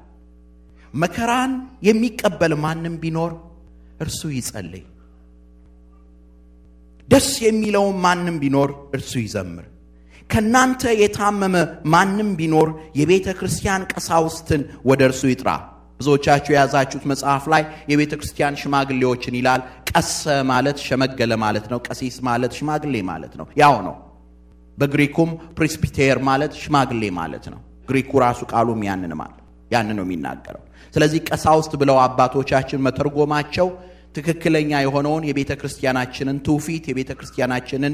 መከራን የሚቀበል ማንም ቢኖር እርሱ ይጸልይ። ደስ የሚለውም ማንም ቢኖር እርሱ ይዘምር። ከናንተ የታመመ ማንም ቢኖር የቤተ ክርስቲያን ቀሳውስትን ወደ እርሱ ይጥራ። ብዙዎቻችሁ የያዛችሁት መጽሐፍ ላይ የቤተ ክርስቲያን ሽማግሌዎችን ይላል። ቀሰ ማለት ሸመገለ ማለት ነው። ቀሲስ ማለት ሽማግሌ ማለት ነው። ያው ነው። በግሪኩም ፕሪስፒቴር ማለት ሽማግሌ ማለት ነው። ግሪኩ ራሱ ቃሉም ያንን ያን ነው የሚናገረው። ስለዚህ ቀሳውስት ብለው አባቶቻችን መተርጎማቸው ትክክለኛ የሆነውን የቤተ ክርስቲያናችንን ትውፊት የቤተ ክርስቲያናችንን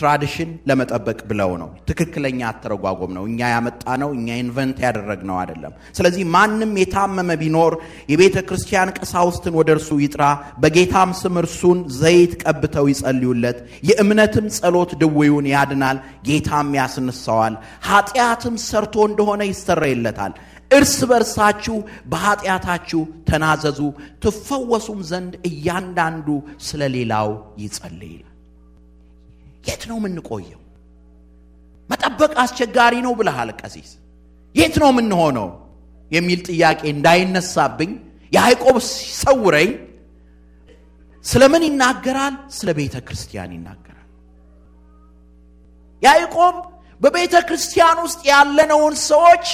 ትራዲሽን ለመጠበቅ ብለው ነው። ትክክለኛ አተረጓጎም ነው። እኛ ያመጣ ነው፣ እኛ ኢንቨንት ያደረግ ነው አይደለም። ስለዚህ ማንም የታመመ ቢኖር የቤተ ክርስቲያን ቀሳውስትን ወደ እርሱ ይጥራ፣ በጌታም ስም እርሱን ዘይት ቀብተው ይጸልዩለት። የእምነትም ጸሎት ድውዩን ያድናል፣ ጌታም ያስነሳዋል። ኃጢአትም ሰርቶ እንደሆነ ይሰረይለታል። እርስ በርሳችሁ በኃጢአታችሁ ተናዘዙ ትፈወሱም ዘንድ እያንዳንዱ ስለ ሌላው ይጸልይ። የት ነው የምንቆየው? መጠበቅ አስቸጋሪ ነው ብለሃል ቀሲስ። የት ነው የምንሆነው የሚል ጥያቄ እንዳይነሳብኝ ያዕቆብ ሲሰውረኝ ስለምን ይናገራል? ስለ ቤተ ክርስቲያን ይናገራል። ያዕቆብ በቤተ ክርስቲያን ውስጥ ያለነውን ሰዎች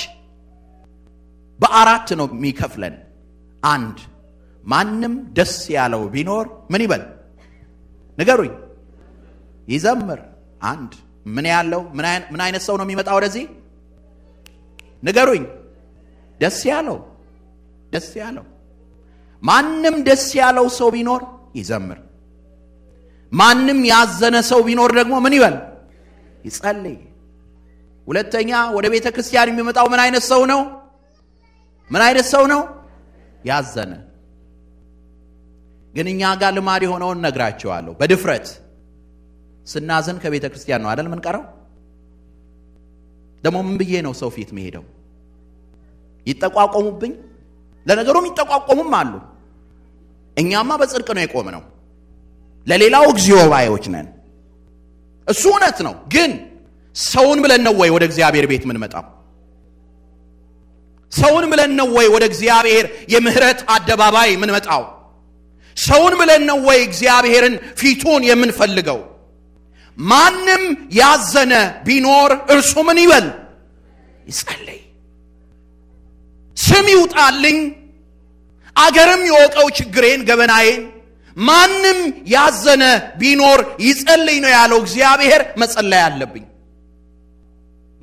በአራት ነው የሚከፍለን። አንድ ማንም ደስ ያለው ቢኖር ምን ይበል ንገሩኝ፣ ይዘምር። አንድ ምን ያለው ምን አይነት ሰው ነው የሚመጣ ወደዚህ ንገሩኝ። ደስ ያለው ደስ ያለው ማንም ደስ ያለው ሰው ቢኖር ይዘምር። ማንም ያዘነ ሰው ቢኖር ደግሞ ምን ይበል ይጸልይ። ሁለተኛ ወደ ቤተ ክርስቲያን የሚመጣው ምን አይነት ሰው ነው? ምን አይነት ሰው ነው? ያዘነ። ግን እኛ ጋር ልማድ የሆነውን ነግራቸዋለሁ። በድፍረት ስናዘን ከቤተ ክርስቲያን ነው አይደል ምንቀረው? ደግሞ ምን ብዬ ነው ሰው ፊት መሄደው? ይጠቋቆሙብኝ። ለነገሩም ይጠቋቆሙም አሉ። እኛማ በጽድቅ ነው የቆም ነው። ለሌላው እግዚኦ ባዮች ነን። እሱ እውነት ነው። ግን ሰውን ብለን ነው ወይ ወደ እግዚአብሔር ቤት ምንመጣው? ሰውን ብለን ነው ወይ ወደ እግዚአብሔር የምህረት አደባባይ የምንመጣው? ሰውን ብለን ነው ወይ እግዚአብሔርን ፊቱን የምንፈልገው? ማንም ያዘነ ቢኖር እርሱ ምን ይበል? ይጸለይ። ስም ይውጣልኝ፣ አገርም የወቀው ችግሬን፣ ገበናዬን። ማንም ያዘነ ቢኖር ይጸልይ ነው ያለው እግዚአብሔር። መጸለይ አለብኝ።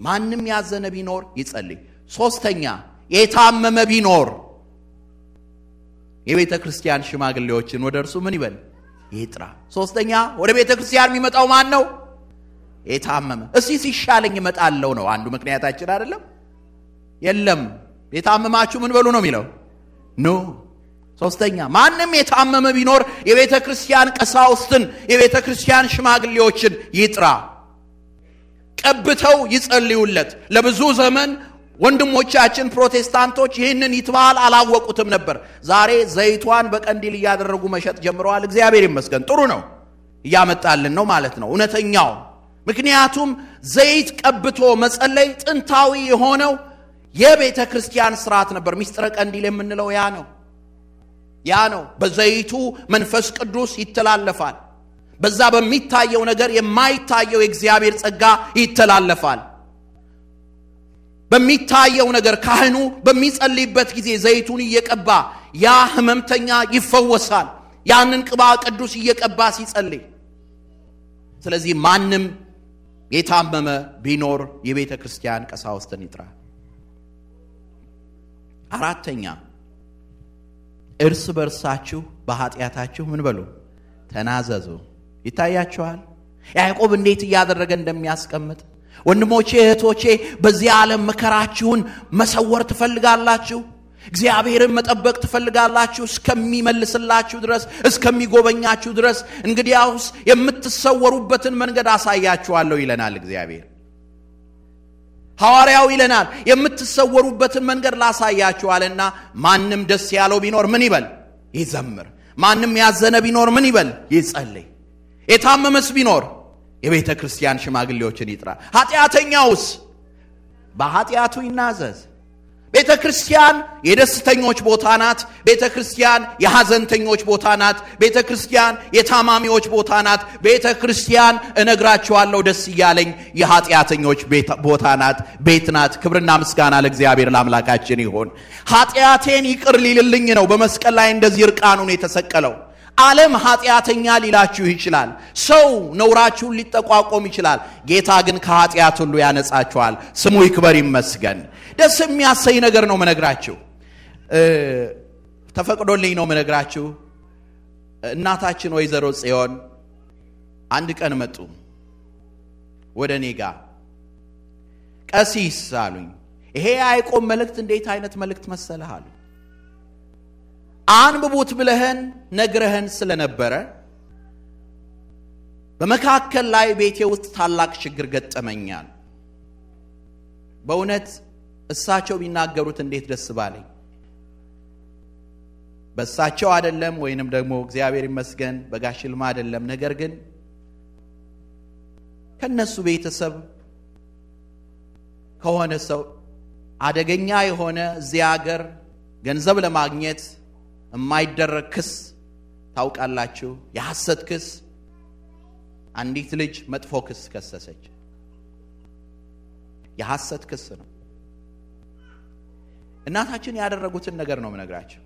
ማንም ያዘነ ቢኖር ይጸልይ። ሶስተኛ የታመመ ቢኖር የቤተ ክርስቲያን ሽማግሌዎችን ወደ እርሱ ምን ይበል ይጥራ። ሶስተኛ ወደ ቤተ ክርስቲያን የሚመጣው ማን ነው? የታመመ እስቲ ሲሻለኝ እመጣለሁ ነው አንዱ ምክንያታችን አይደለም። የለም የታመማችሁ ምን በሉ ነው የሚለው ኖ ሶስተኛ ማንም የታመመ ቢኖር የቤተ ክርስቲያን ቀሳውስትን የቤተ ክርስቲያን ሽማግሌዎችን ይጥራ፣ ቀብተው ይጸልዩለት። ለብዙ ዘመን ወንድሞቻችን ፕሮቴስታንቶች ይህንን ይትባል አላወቁትም ነበር። ዛሬ ዘይቷን በቀንዲል እያደረጉ መሸጥ ጀምረዋል። እግዚአብሔር ይመስገን፣ ጥሩ ነው፣ እያመጣልን ነው ማለት ነው እውነተኛው። ምክንያቱም ዘይት ቀብቶ መጸለይ ጥንታዊ የሆነው የቤተ ክርስቲያን ስርዓት ነበር። ሚስጥረ ቀንዲል የምንለው ያ ነው ያ ነው። በዘይቱ መንፈስ ቅዱስ ይተላለፋል። በዛ በሚታየው ነገር የማይታየው የእግዚአብሔር ጸጋ ይተላለፋል። በሚታየው ነገር ካህኑ በሚጸልይበት ጊዜ ዘይቱን እየቀባ ያ ህመምተኛ ይፈወሳል። ያንን ቅባ ቅዱስ እየቀባ ሲጸልይ ስለዚህ ማንም የታመመ ቢኖር የቤተ ክርስቲያን ቀሳውስትን ይጥራ። አራተኛ እርስ በርሳችሁ በኃጢአታችሁ ምን በሉ ተናዘዙ። ይታያችኋል ያዕቆብ እንዴት እያደረገ እንደሚያስቀምጥ ወንድሞቼ እህቶቼ፣ በዚህ ዓለም መከራችሁን መሰወር ትፈልጋላችሁ። እግዚአብሔርን መጠበቅ ትፈልጋላችሁ እስከሚመልስላችሁ ድረስ እስከሚጎበኛችሁ ድረስ። እንግዲያውስ የምትሰወሩበትን መንገድ አሳያችኋለሁ ይለናል እግዚአብሔር። ሐዋርያው ይለናል የምትሰወሩበትን መንገድ ላሳያችኋልና፣ ማንም ደስ ያለው ቢኖር ምን ይበል? ይዘምር። ማንም ያዘነ ቢኖር ምን ይበል? ይጸልይ። የታመመስ ቢኖር የቤተ ክርስቲያን ሽማግሌዎችን ይጥራ። ኃጢአተኛውስ በኃጢአቱ ይናዘዝ። ቤተ ክርስቲያን የደስተኞች ቦታ ናት። ቤተ ክርስቲያን የሐዘንተኞች ቦታ ናት። ቤተ ክርስቲያን የታማሚዎች ቦታ ናት። ቤተ ክርስቲያን እነግራችኋለሁ፣ ደስ እያለኝ የኃጢአተኞች ቦታ ናት፣ ቤት ናት። ክብርና ምስጋና ለእግዚአብሔር ለአምላካችን ይሆን። ኃጢአቴን ይቅር ሊልልኝ ነው በመስቀል ላይ እንደዚህ እርቃኑን የተሰቀለው ዓለም ኃጢአተኛ ሊላችሁ ይችላል። ሰው ነውራችሁን ሊጠቋቆም ይችላል። ጌታ ግን ከኃጢአት ሁሉ ያነጻችኋል። ስሙ ይክበር ይመስገን። ደስ የሚያሰኝ ነገር ነው ምነግራችሁ። ተፈቅዶልኝ ነው ምነግራችሁ። እናታችን ወይዘሮ ጽዮን አንድ ቀን መጡ ወደ እኔ ጋ ቀሲስ አሉኝ። ይሄ አይቆም መልእክት እንዴት አይነት መልእክት መሰለህ አሉ። አንብቡት ብለህን ነግረህን ስለነበረ በመካከል ላይ ቤቴ ውስጥ ታላቅ ችግር ገጠመኛል። በእውነት እሳቸው ቢናገሩት እንዴት ደስ ባለኝ። በእሳቸው አይደለም ወይንም ደግሞ እግዚአብሔር ይመስገን በጋሽ ልማ አይደለም። ነገር ግን ከነሱ ቤተሰብ ከሆነ ሰው አደገኛ የሆነ እዚያ አገር ገንዘብ ለማግኘት የማይደረግ ክስ ታውቃላችሁ፣ የሐሰት ክስ። አንዲት ልጅ መጥፎ ክስ ከሰሰች። የሐሰት ክስ ነው። እናታችን ያደረጉትን ነገር ነው የምነግራቸው።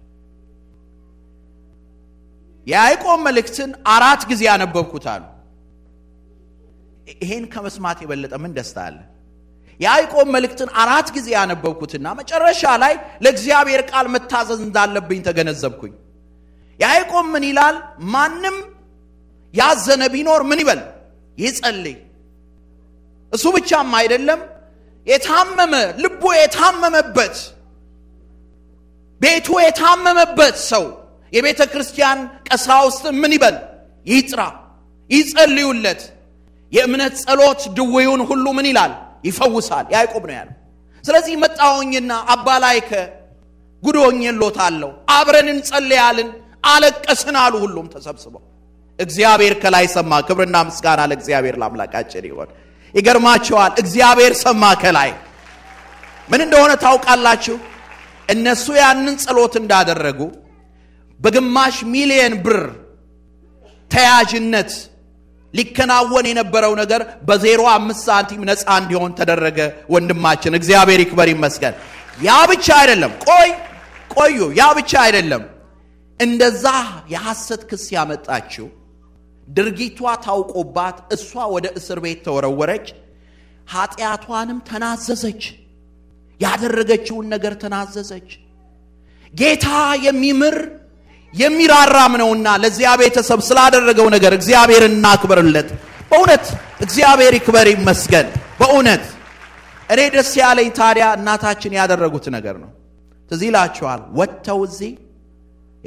የያዕቆብ መልእክትን አራት ጊዜ ያነበብኩት አሉ። ይሄን ከመስማት የበለጠ ምን ደስታ አለ? የያዕቆብ መልእክትን አራት ጊዜ ያነበብኩትና መጨረሻ ላይ ለእግዚአብሔር ቃል መታዘዝ እንዳለብኝ ተገነዘብኩኝ። ያዕቆብ ምን ይላል? ማንም ያዘነ ቢኖር ምን ይበል? ይጸልይ። እሱ ብቻም አይደለም፣ የታመመ ልቡ የታመመበት ቤቱ የታመመበት ሰው የቤተ ክርስቲያን ቀሳውስት ምን ይበል? ይጥራ፣ ይጸልዩለት። የእምነት ጸሎት ድዌውን ሁሉ ምን ይላል ይፈውሳል። ያዕቆብ ነው ያለው። ስለዚህ መጣሁኝና አባ ላይከ ጉዶኝ ሎታለሁ፣ አብረን እንጸልያልን፣ አለቀስን አሉ ሁሉም ተሰብስበው። እግዚአብሔር ከላይ ሰማ። ክብርና ምስጋና ለእግዚአብሔር ለአምላካችን ይሆን። ይገርማቸዋል። እግዚአብሔር ሰማ ከላይ ምን እንደሆነ ታውቃላችሁ? እነሱ ያንን ጸሎት እንዳደረጉ በግማሽ ሚሊየን ብር ተያዥነት ሊከናወን የነበረው ነገር በዜሮ አምስት ሳንቲም ነፃ እንዲሆን ተደረገ። ወንድማችን እግዚአብሔር ይክበር ይመስገን። ያ ብቻ አይደለም። ቆይ ቆዩ፣ ያ ብቻ አይደለም። እንደዛ የሐሰት ክስ ያመጣችው ድርጊቷ ታውቆባት እሷ ወደ እስር ቤት ተወረወረች። ኃጢአቷንም ተናዘዘች። ያደረገችውን ነገር ተናዘዘች። ጌታ የሚምር የሚራራም ነውና ለዚያ ቤተሰብ ስላደረገው ነገር እግዚአብሔር እናክበርለት። በእውነት እግዚአብሔር ይክበር ይመስገን። በእውነት እኔ ደስ ያለኝ ታዲያ እናታችን ያደረጉት ነገር ነው። ትዝ ይላችኋል፣ ወጥተው እዚህ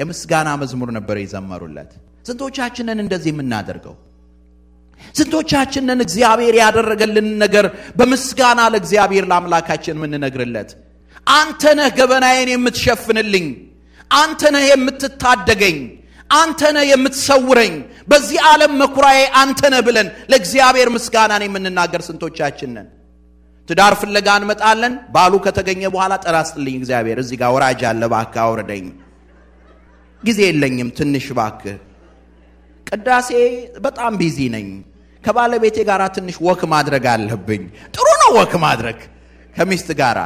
የምስጋና መዝሙር ነበር የዘመሩለት። ስንቶቻችንን እንደዚህ የምናደርገው? ስንቶቻችንን እግዚአብሔር ያደረገልን ነገር በምስጋና ለእግዚአብሔር ለአምላካችን የምንነግርለት? አንተ ነህ ገበናዬን የምትሸፍንልኝ አንተ ነህ የምትታደገኝ፣ አንተ ነህ የምትሰውረኝ፣ በዚህ ዓለም መኩራዬ አንተ ነህ ብለን ለእግዚአብሔር ምስጋናን የምንናገር ስንቶቻችን ነን? ትዳር ፍለጋ እንመጣለን። ባሉ ከተገኘ በኋላ ጠራስጥልኝ ስጥልኝ እግዚአብሔር፣ እዚህ ጋር ወራጅ አለ፣ እባክህ አውርደኝ፣ ጊዜ የለኝም፣ ትንሽ እባክህ፣ ቅዳሴ በጣም ቢዚ ነኝ፣ ከባለቤቴ ጋር ትንሽ ወክ ማድረግ አለብኝ። ጥሩ ነው ወክ ማድረግ ከሚስት ጋራ።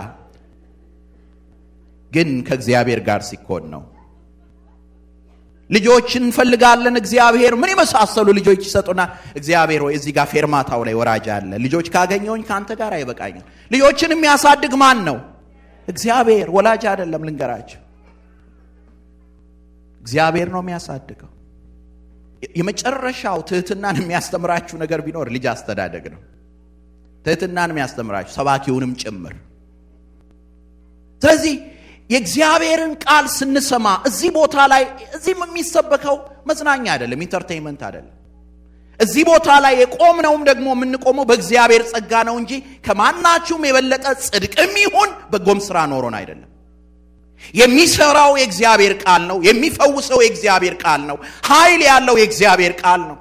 ግን ከእግዚአብሔር ጋር ሲኮን ነው። ልጆች እንፈልጋለን። እግዚአብሔር ምን የመሳሰሉ ልጆች ይሰጡና፣ እግዚአብሔር ወይ እዚህ ጋር ፌርማታው ላይ ወራጅ አለ። ልጆች ካገኘውኝ ከአንተ ጋር አይበቃኝም። ልጆችን የሚያሳድግ ማን ነው? እግዚአብሔር ወላጅ አይደለም። ልንገራቸው፣ እግዚአብሔር ነው የሚያሳድገው። የመጨረሻው ትህትናን የሚያስተምራችሁ ነገር ቢኖር ልጅ አስተዳደግ ነው። ትህትናን የሚያስተምራችሁ ሰባኪውንም ጭምር ስለዚህ የእግዚአብሔርን ቃል ስንሰማ እዚህ ቦታ ላይ እዚህም የሚሰበከው መዝናኛ አይደለም፣ ኢንተርቴንመንት አይደለም። እዚህ ቦታ ላይ የቆምነውም ደግሞ የምንቆመው በእግዚአብሔር ጸጋ ነው እንጂ ከማናችሁም የበለጠ ጽድቅም ይሁን በጎም ስራ ኖሮን አይደለም። የሚሰራው የእግዚአብሔር ቃል ነው። የሚፈውሰው የእግዚአብሔር ቃል ነው። ኃይል ያለው የእግዚአብሔር ቃል ነው።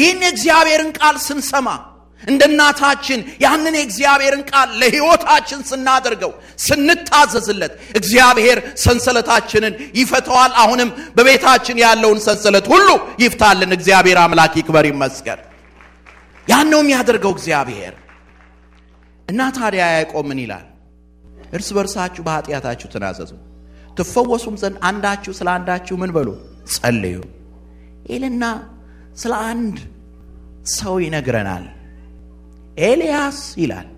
ይህን የእግዚአብሔርን ቃል ስንሰማ እንደ እናታችን ያንን የእግዚአብሔርን ቃል ለሕይወታችን ስናደርገው ስንታዘዝለት እግዚአብሔር ሰንሰለታችንን ይፈተዋል። አሁንም በቤታችን ያለውን ሰንሰለት ሁሉ ይፍታልን። እግዚአብሔር አምላክ ይክበር ይመስገን። ያን ነው የሚያደርገው እግዚአብሔር። እና ታዲያ ያዕቆብ ምን ይላል? እርስ በርሳችሁ በኃጢአታችሁ ተናዘዙ፣ ትፈወሱም ዘንድ አንዳችሁ ስለ አንዳችሁ ምን በሉ ጸልዩ ይልና ስለ አንድ ሰው ይነግረናል። ኤልያስ ይላል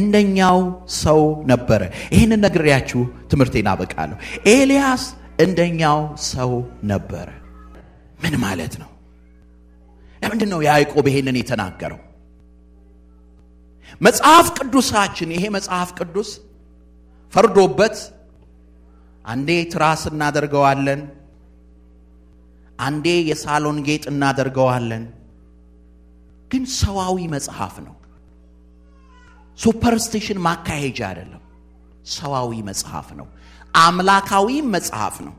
እንደኛው ሰው ነበረ። ይህንን ነግሬያችሁ ትምህርቴን አበቃለሁ። ኤልያስ እንደኛው ሰው ነበረ። ምን ማለት ነው? ለምንድን ነው ያዕቆብ ይሄንን የተናገረው? መጽሐፍ ቅዱሳችን ይሄ መጽሐፍ ቅዱስ ፈርዶበት አንዴ ትራስ እናደርገዋለን፣ አንዴ የሳሎን ጌጥ እናደርገዋለን ግን ሰዋዊ መጽሐፍ ነው። ሱፐርስቲሽን ማካሄጃ አይደለም። ሰዋዊ መጽሐፍ ነው። አምላካዊ መጽሐፍ ነው።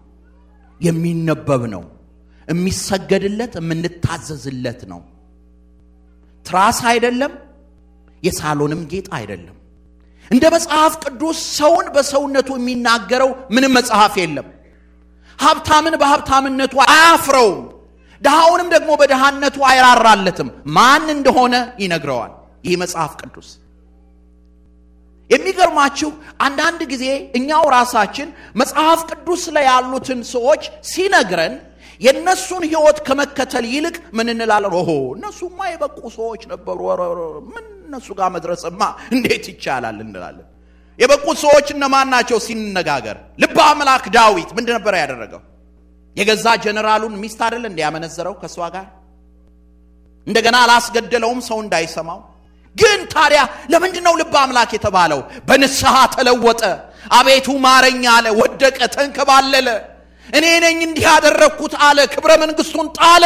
የሚነበብ ነው። የሚሰገድለት፣ የምንታዘዝለት ነው። ትራስ አይደለም። የሳሎንም ጌጥ አይደለም። እንደ መጽሐፍ ቅዱስ ሰውን በሰውነቱ የሚናገረው ምንም መጽሐፍ የለም። ሀብታምን በሀብታምነቱ አያፍረውም። ድሃውንም ደግሞ በድሃነቱ አይራራለትም፣ ማን እንደሆነ ይነግረዋል። ይህ መጽሐፍ ቅዱስ የሚገርማችሁ አንዳንድ ጊዜ እኛው ራሳችን መጽሐፍ ቅዱስ ላይ ያሉትን ሰዎች ሲነግረን የእነሱን ህይወት ከመከተል ይልቅ ምን እንላለን? ኦሆ እነሱማ የበቁ ሰዎች ነበሩ፣ ምን እነሱ ጋር መድረስማ እንዴት ይቻላል እንላለን። የበቁት ሰዎች እነማን ናቸው? ሲነጋገር ልበ አምላክ ዳዊት ምንድን ነበረ ያደረገው? የገዛ ጀነራሉን ሚስት አይደል እንዲያመነዘረው ከእሷ ጋር እንደገና አላስገደለውም ሰው እንዳይሰማው ግን ታዲያ ለምንድን ነው ልበ አምላክ የተባለው? በንስሐ ተለወጠ። አቤቱ ማረኛ አለ። ወደቀ፣ ተንከባለለ። እኔ ነኝ እንዲህ ያደረግኩት አለ። ክብረ መንግሥቱን ጣለ።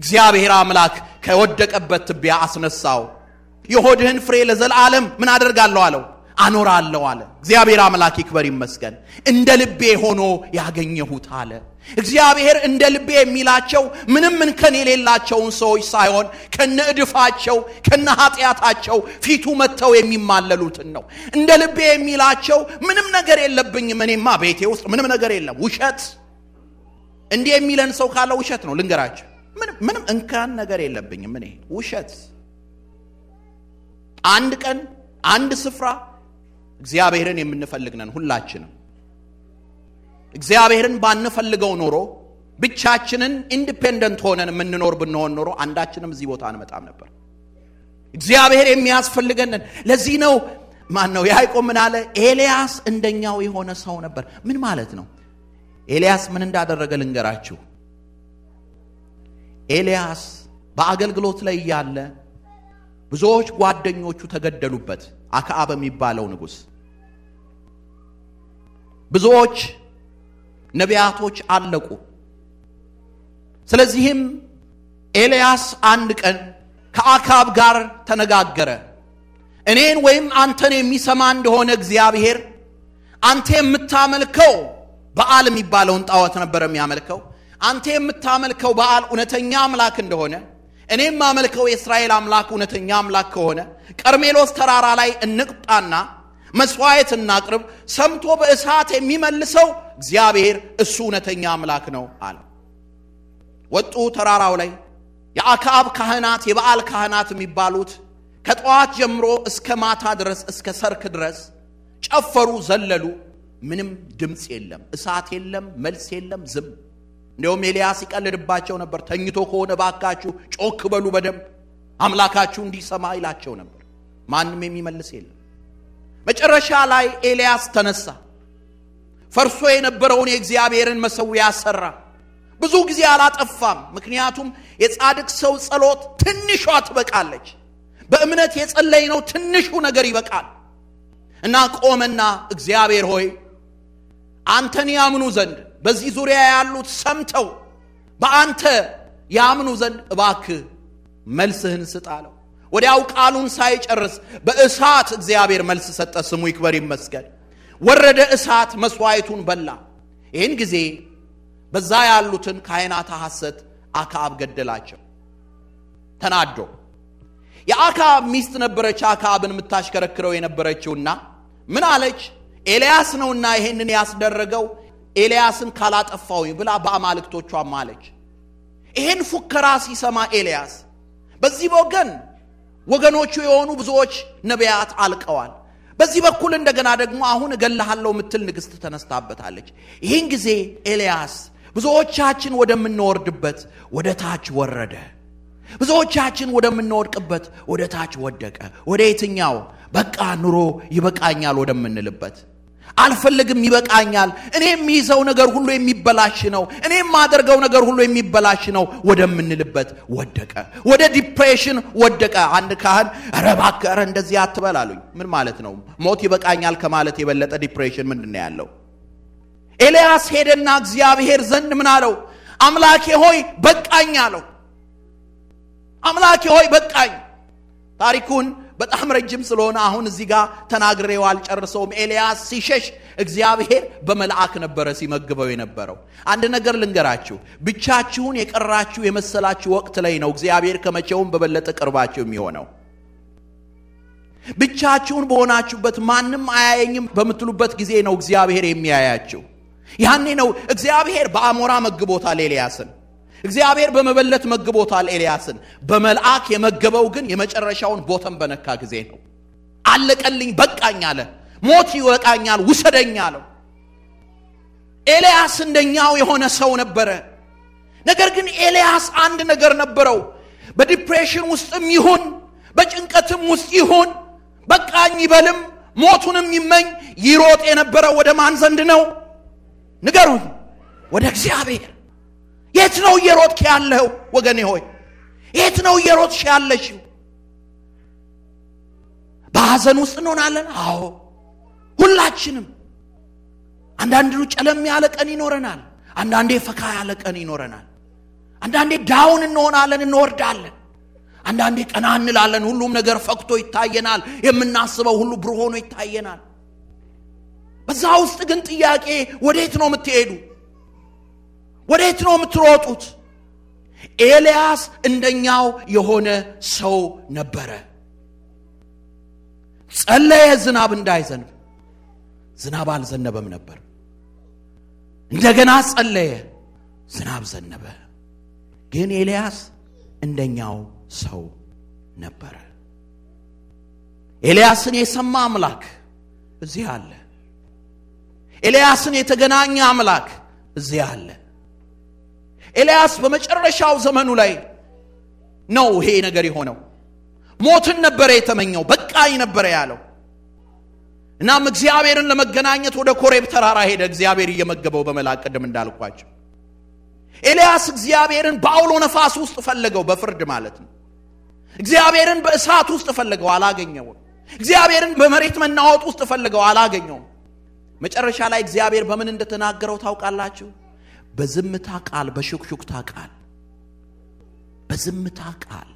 እግዚአብሔር አምላክ ከወደቀበት ትቢያ አስነሳው። የሆድህን ፍሬ ለዘላለም ምን አደርጋለሁ አለው አኖራለሁ አለ። እግዚአብሔር አምላክ ይክበር ይመስገን። እንደ ልቤ ሆኖ ያገኘሁት አለ። እግዚአብሔር እንደ ልቤ የሚላቸው ምንም እንከን የሌላቸውን ሰዎች ሳይሆን ከነ እድፋቸው ከነ ኃጢአታቸው ፊቱ መጥተው የሚማለሉትን ነው። እንደ ልቤ የሚላቸው ምንም ነገር የለብኝም፣ እኔማ ቤቴ ውስጥ ምንም ነገር የለም። ውሸት እንዲህ የሚለን ሰው ካለ ውሸት ነው። ልንገራቸው፣ ምንም እንከን ነገር የለብኝም እኔ ውሸት። አንድ ቀን አንድ ስፍራ እግዚአብሔርን የምንፈልግነን ሁላችንም። እግዚአብሔርን ባንፈልገው ኖሮ ብቻችንን ኢንዲፔንደንት ሆነን የምንኖር ብንሆን ኖሮ አንዳችንም እዚህ ቦታ አንመጣም ነበር። እግዚአብሔር የሚያስፈልገንን ለዚህ ነው። ማን ነው ያይቆ ምን አለ? ኤልያስ እንደኛው የሆነ ሰው ነበር። ምን ማለት ነው? ኤልያስ ምን እንዳደረገ ልንገራችሁ። ኤልያስ በአገልግሎት ላይ እያለ ብዙዎች ጓደኞቹ ተገደሉበት፣ አክአብ የሚባለው ንጉሥ ብዙዎች ነቢያቶች አለቁ። ስለዚህም ኤልያስ አንድ ቀን ከአካብ ጋር ተነጋገረ። እኔን ወይም አንተን የሚሰማ እንደሆነ እግዚአብሔር አንተ የምታመልከው በዓል የሚባለውን ጣዖት ነበር የሚያመልከው። አንተ የምታመልከው በዓል እውነተኛ አምላክ እንደሆነ እኔም ማመልከው የእስራኤል አምላክ እውነተኛ አምላክ ከሆነ ቀርሜሎስ ተራራ ላይ እንቅጣና መስዋዕት እናቅርብ፣ ሰምቶ በእሳት የሚመልሰው እግዚአብሔር እሱ እውነተኛ አምላክ ነው አለ። ወጡ ተራራው ላይ የአክዓብ ካህናት የበዓል ካህናት የሚባሉት ከጠዋት ጀምሮ እስከ ማታ ድረስ እስከ ሰርክ ድረስ ጨፈሩ፣ ዘለሉ። ምንም ድምፅ የለም፣ እሳት የለም፣ መልስ የለም፣ ዝም። እንዲሁም ኤልያስ ይቀልድባቸው ነበር። ተኝቶ ከሆነ ባካችሁ ጮክ በሉ በደንብ አምላካችሁ እንዲሰማ ይላቸው ነበር። ማንም የሚመልስ የለም። መጨረሻ ላይ ኤልያስ ተነሳ፣ ፈርሶ የነበረውን የእግዚአብሔርን መሠዊያ ሠራ። ብዙ ጊዜ አላጠፋም፣ ምክንያቱም የጻድቅ ሰው ጸሎት ትንሿ ትበቃለች። በእምነት የጸለይ ነው ትንሹ ነገር ይበቃል እና ቆመና እግዚአብሔር ሆይ አንተን ያምኑ ዘንድ በዚህ ዙሪያ ያሉት ሰምተው በአንተ ያምኑ ዘንድ እባክህ መልስህን ስጥ አለው። ወዲያው ቃሉን ሳይጨርስ በእሳት እግዚአብሔር መልስ ሰጠ። ስሙ ይክበር ይመስገን። ወረደ እሳት መስዋዕቱን በላ። ይህን ጊዜ በዛ ያሉትን ካህናተ ሐሰት አክዓብ ገደላቸው። ተናዶ የአክዓብ ሚስት ነበረች አክዓብን የምታሽከረክረው የነበረችውና ምን አለች? ኤልያስ ነውና ይሄንን ያስደረገው ኤልያስን ካላጠፋውኝ ብላ በአማልክቶቿም አለች። ይህን ፉከራ ሲሰማ ኤልያስ በዚህ ወገን ወገኖቹ የሆኑ ብዙዎች ነቢያት አልቀዋል። በዚህ በኩል እንደገና ደግሞ አሁን እገልሃለሁ የምትል ንግሥት ተነስታበታለች። ይህን ጊዜ ኤልያስ ብዙዎቻችን ወደምንወርድበት ወደ ታች ወረደ። ብዙዎቻችን ወደምንወድቅበት ወደ ታች ወደቀ። ወደ የትኛው በቃ ኑሮ ይበቃኛል ወደምንልበት አልፈልግም፣ ይበቃኛል፣ እኔ የሚይዘው ነገር ሁሉ የሚበላሽ ነው፣ እኔ የማደርገው ነገር ሁሉ የሚበላሽ ነው ወደምንልበት ወደቀ፣ ወደ ዲፕሬሽን ወደቀ። አንድ ካህን ኧረ እባክህ ኧረ እንደዚህ አትበል አሉኝ። ምን ማለት ነው? ሞት ይበቃኛል ከማለት የበለጠ ዲፕሬሽን ምንድን ነው ያለው? ኤልያስ ሄደና እግዚአብሔር ዘንድ ምን አለው? አምላኬ ሆይ በቃኝ አለው። አምላኬ ሆይ በቃኝ ታሪኩን በጣም ረጅም ስለሆነ አሁን እዚህ ጋር ተናግሬው አልጨርሰውም። ኤልያስ ሲሸሽ እግዚአብሔር በመልአክ ነበረ ሲመግበው የነበረው። አንድ ነገር ልንገራችሁ፣ ብቻችሁን የቀራችሁ የመሰላችሁ ወቅት ላይ ነው እግዚአብሔር ከመቼውም በበለጠ ቅርባችሁ የሚሆነው። ብቻችሁን በሆናችሁበት ማንም አያየኝም በምትሉበት ጊዜ ነው እግዚአብሔር የሚያያችሁ። ያኔ ነው እግዚአብሔር በአሞራ መግቦታል ኤልያስን። እግዚአብሔር በመበለት መግቦታል ኤልያስን። በመልአክ የመገበው ግን የመጨረሻውን ቦተን በነካ ጊዜ ነው። አለቀልኝ፣ በቃኝ አለ። ሞት ይወቃኛል፣ ውሰደኝ አለው። ኤልያስ እንደኛው የሆነ ሰው ነበረ። ነገር ግን ኤልያስ አንድ ነገር ነበረው። በዲፕሬሽን ውስጥም ይሁን በጭንቀትም ውስጥ ይሁን በቃኝ ይበልም ሞቱንም ይመኝ ይሮጥ የነበረው ወደ ማን ዘንድ ነው? ንገሩኝ። ወደ እግዚአብሔር የት ነው እየሮጥክ ያለው ወገኔ ሆይ? የት ነው እየሮጥሽ ያለሽው? በሐዘን ውስጥ እንሆናለን። አዎ ሁላችንም። አንዳንድ ጨለም ያለ ቀን ይኖረናል። አንዳንዴ ፈካ ያለ ቀን ይኖረናል። አንዳንዴ ዳውን እንሆናለን፣ እንወርዳለን። አንዳንዴ ቀና እንላለን። ሁሉም ነገር ፈክቶ ይታየናል። የምናስበው ሁሉ ብሩህ ሆኖ ይታየናል። በዛ ውስጥ ግን ጥያቄ ወዴት ነው የምትሄዱ? ወዴት ነው የምትሮጡት? ኤልያስ እንደኛው የሆነ ሰው ነበረ። ጸለየ፣ ዝናብ እንዳይዘንብ። ዝናብ አልዘነበም ነበር። እንደገና ጸለየ፣ ዝናብ ዘነበ። ግን ኤልያስ እንደኛው ሰው ነበረ። ኤልያስን የሰማ አምላክ እዚህ አለ። ኤልያስን የተገናኘ አምላክ እዚህ አለ። ኤልያስ በመጨረሻው ዘመኑ ላይ ነው ይሄ ነገር የሆነው። ሞትን ነበረ የተመኘው፣ በቃኝ ነበረ ያለው። እናም እግዚአብሔርን ለመገናኘት ወደ ኮሬብ ተራራ ሄደ። እግዚአብሔር እየመገበው በመልአክ ቅድም እንዳልኳቸው ኤልያስ እግዚአብሔርን በአውሎ ነፋስ ውስጥ ፈለገው፣ በፍርድ ማለት ነው። እግዚአብሔርን በእሳት ውስጥ ፈለገው፣ አላገኘውም። እግዚአብሔርን በመሬት መናወጥ ውስጥ ፈለገው፣ አላገኘውም። መጨረሻ ላይ እግዚአብሔር በምን እንደተናገረው ታውቃላችሁ? በዝምታ ቃል፣ በሹክሹክታ ቃል፣ በዝምታ ቃል።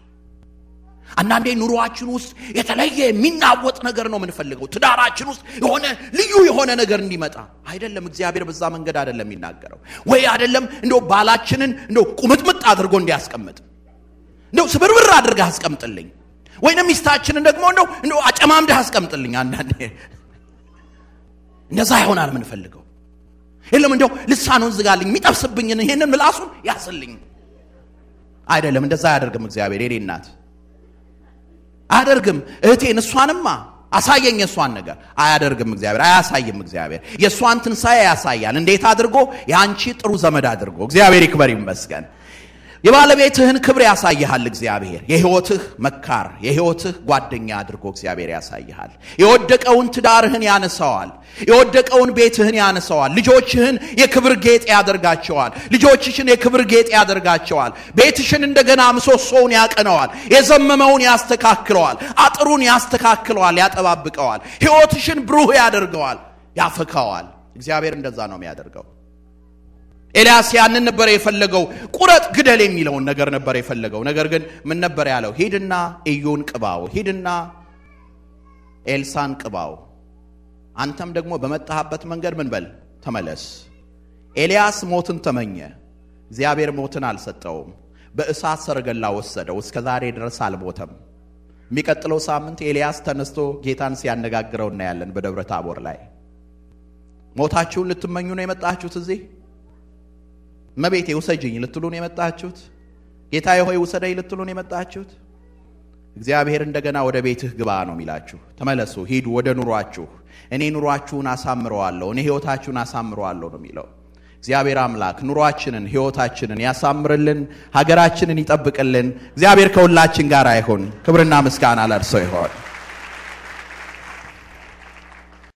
አንዳንዴ ኑሯችን ውስጥ የተለየ የሚናወጥ ነገር ነው የምንፈልገው። ትዳራችን ውስጥ የሆነ ልዩ የሆነ ነገር እንዲመጣ አይደለም። እግዚአብሔር በዛ መንገድ አይደለም የሚናገረው። ወይ አይደለም እንደ ባላችንን እንደ ቁምጥምጥ አድርጎ እንዲያስቀምጥ እንደው ስብርብር አድርገህ አስቀምጥልኝ፣ ወይንም ሚስታችንን ደግሞ እንደው አጨማምደህ አስቀምጥልኝ። አንዳንዴ እንደዛ ይሆናል የምንፈልገው የለም እንደው ልሳኑን ዝጋልኝ የሚጠብስብኝን ይሄንን ምላሱን ያስልኝ። አይደለም እንደዛ አያደርግም እግዚአብሔር። የኔ እናት አያደርግም እህቴን፣ እሷንማ አሳየኝ የእሷን ነገር አያደርግም እግዚአብሔር፣ አያሳይም እግዚአብሔር። የእሷን ትንሣኤ ያሳያል። እንዴት አድርጎ? የአንቺ ጥሩ ዘመድ አድርጎ። እግዚአብሔር ይክበር ይመስገን። የባለቤትህን ክብር ያሳይሃል እግዚአብሔር። የሕይወትህ መካር፣ የሕይወትህ ጓደኛ አድርጎ እግዚአብሔር ያሳይሃል። የወደቀውን ትዳርህን ያነሳዋል። የወደቀውን ቤትህን ያነሳዋል። ልጆችህን የክብር ጌጥ ያደርጋቸዋል። ልጆችሽን የክብር ጌጥ ያደርጋቸዋል። ቤትሽን እንደገና ምሰሶውን ያቀነዋል። የዘመመውን ያስተካክለዋል። አጥሩን ያስተካክለዋል፣ ያጠባብቀዋል። ሕይወትሽን ብሩህ ያደርገዋል፣ ያፈካዋል። እግዚአብሔር እንደዛ ነው የሚያደርገው። ኤልያስ ያንን ነበር የፈለገው። ቁረጥ ግደል የሚለውን ነገር ነበር የፈለገው። ነገር ግን ምን ነበር ያለው? ሂድና ኢዩን ቅባው፣ ሂድና ኤልሳን ቅባው፣ አንተም ደግሞ በመጣህበት መንገድ ምን በል ተመለስ። ኤልያስ ሞትን ተመኘ፣ እግዚአብሔር ሞትን አልሰጠውም። በእሳት ሰረገላ ወሰደው፣ እስከ ዛሬ ድረስ አልሞተም። የሚቀጥለው ሳምንት ኤልያስ ተነስቶ ጌታን ሲያነጋግረው እናያለን በደብረ ታቦር ላይ። ሞታችሁን ልትመኙ ነው የመጣችሁት እዚህ መቤቴ ውሰጅኝ ልትሉን የመጣችሁት? ጌታዬ ሆይ ውሰደኝ ልትሉን የመጣችሁት? እግዚአብሔር እንደገና ወደ ቤትህ ግባ ነው የሚላችሁ። ተመለሱ፣ ሂዱ ወደ ኑሯችሁ። እኔ ኑሯችሁን አሳምረዋለሁ፣ እኔ ህይወታችሁን አሳምረዋለሁ ነው የሚለው። እግዚአብሔር አምላክ ኑሯችንን ህይወታችንን ያሳምርልን፣ ሀገራችንን ይጠብቅልን። እግዚአብሔር ከሁላችን ጋር አይሆን ክብርና ምስጋና ለእርሶ ይሆን።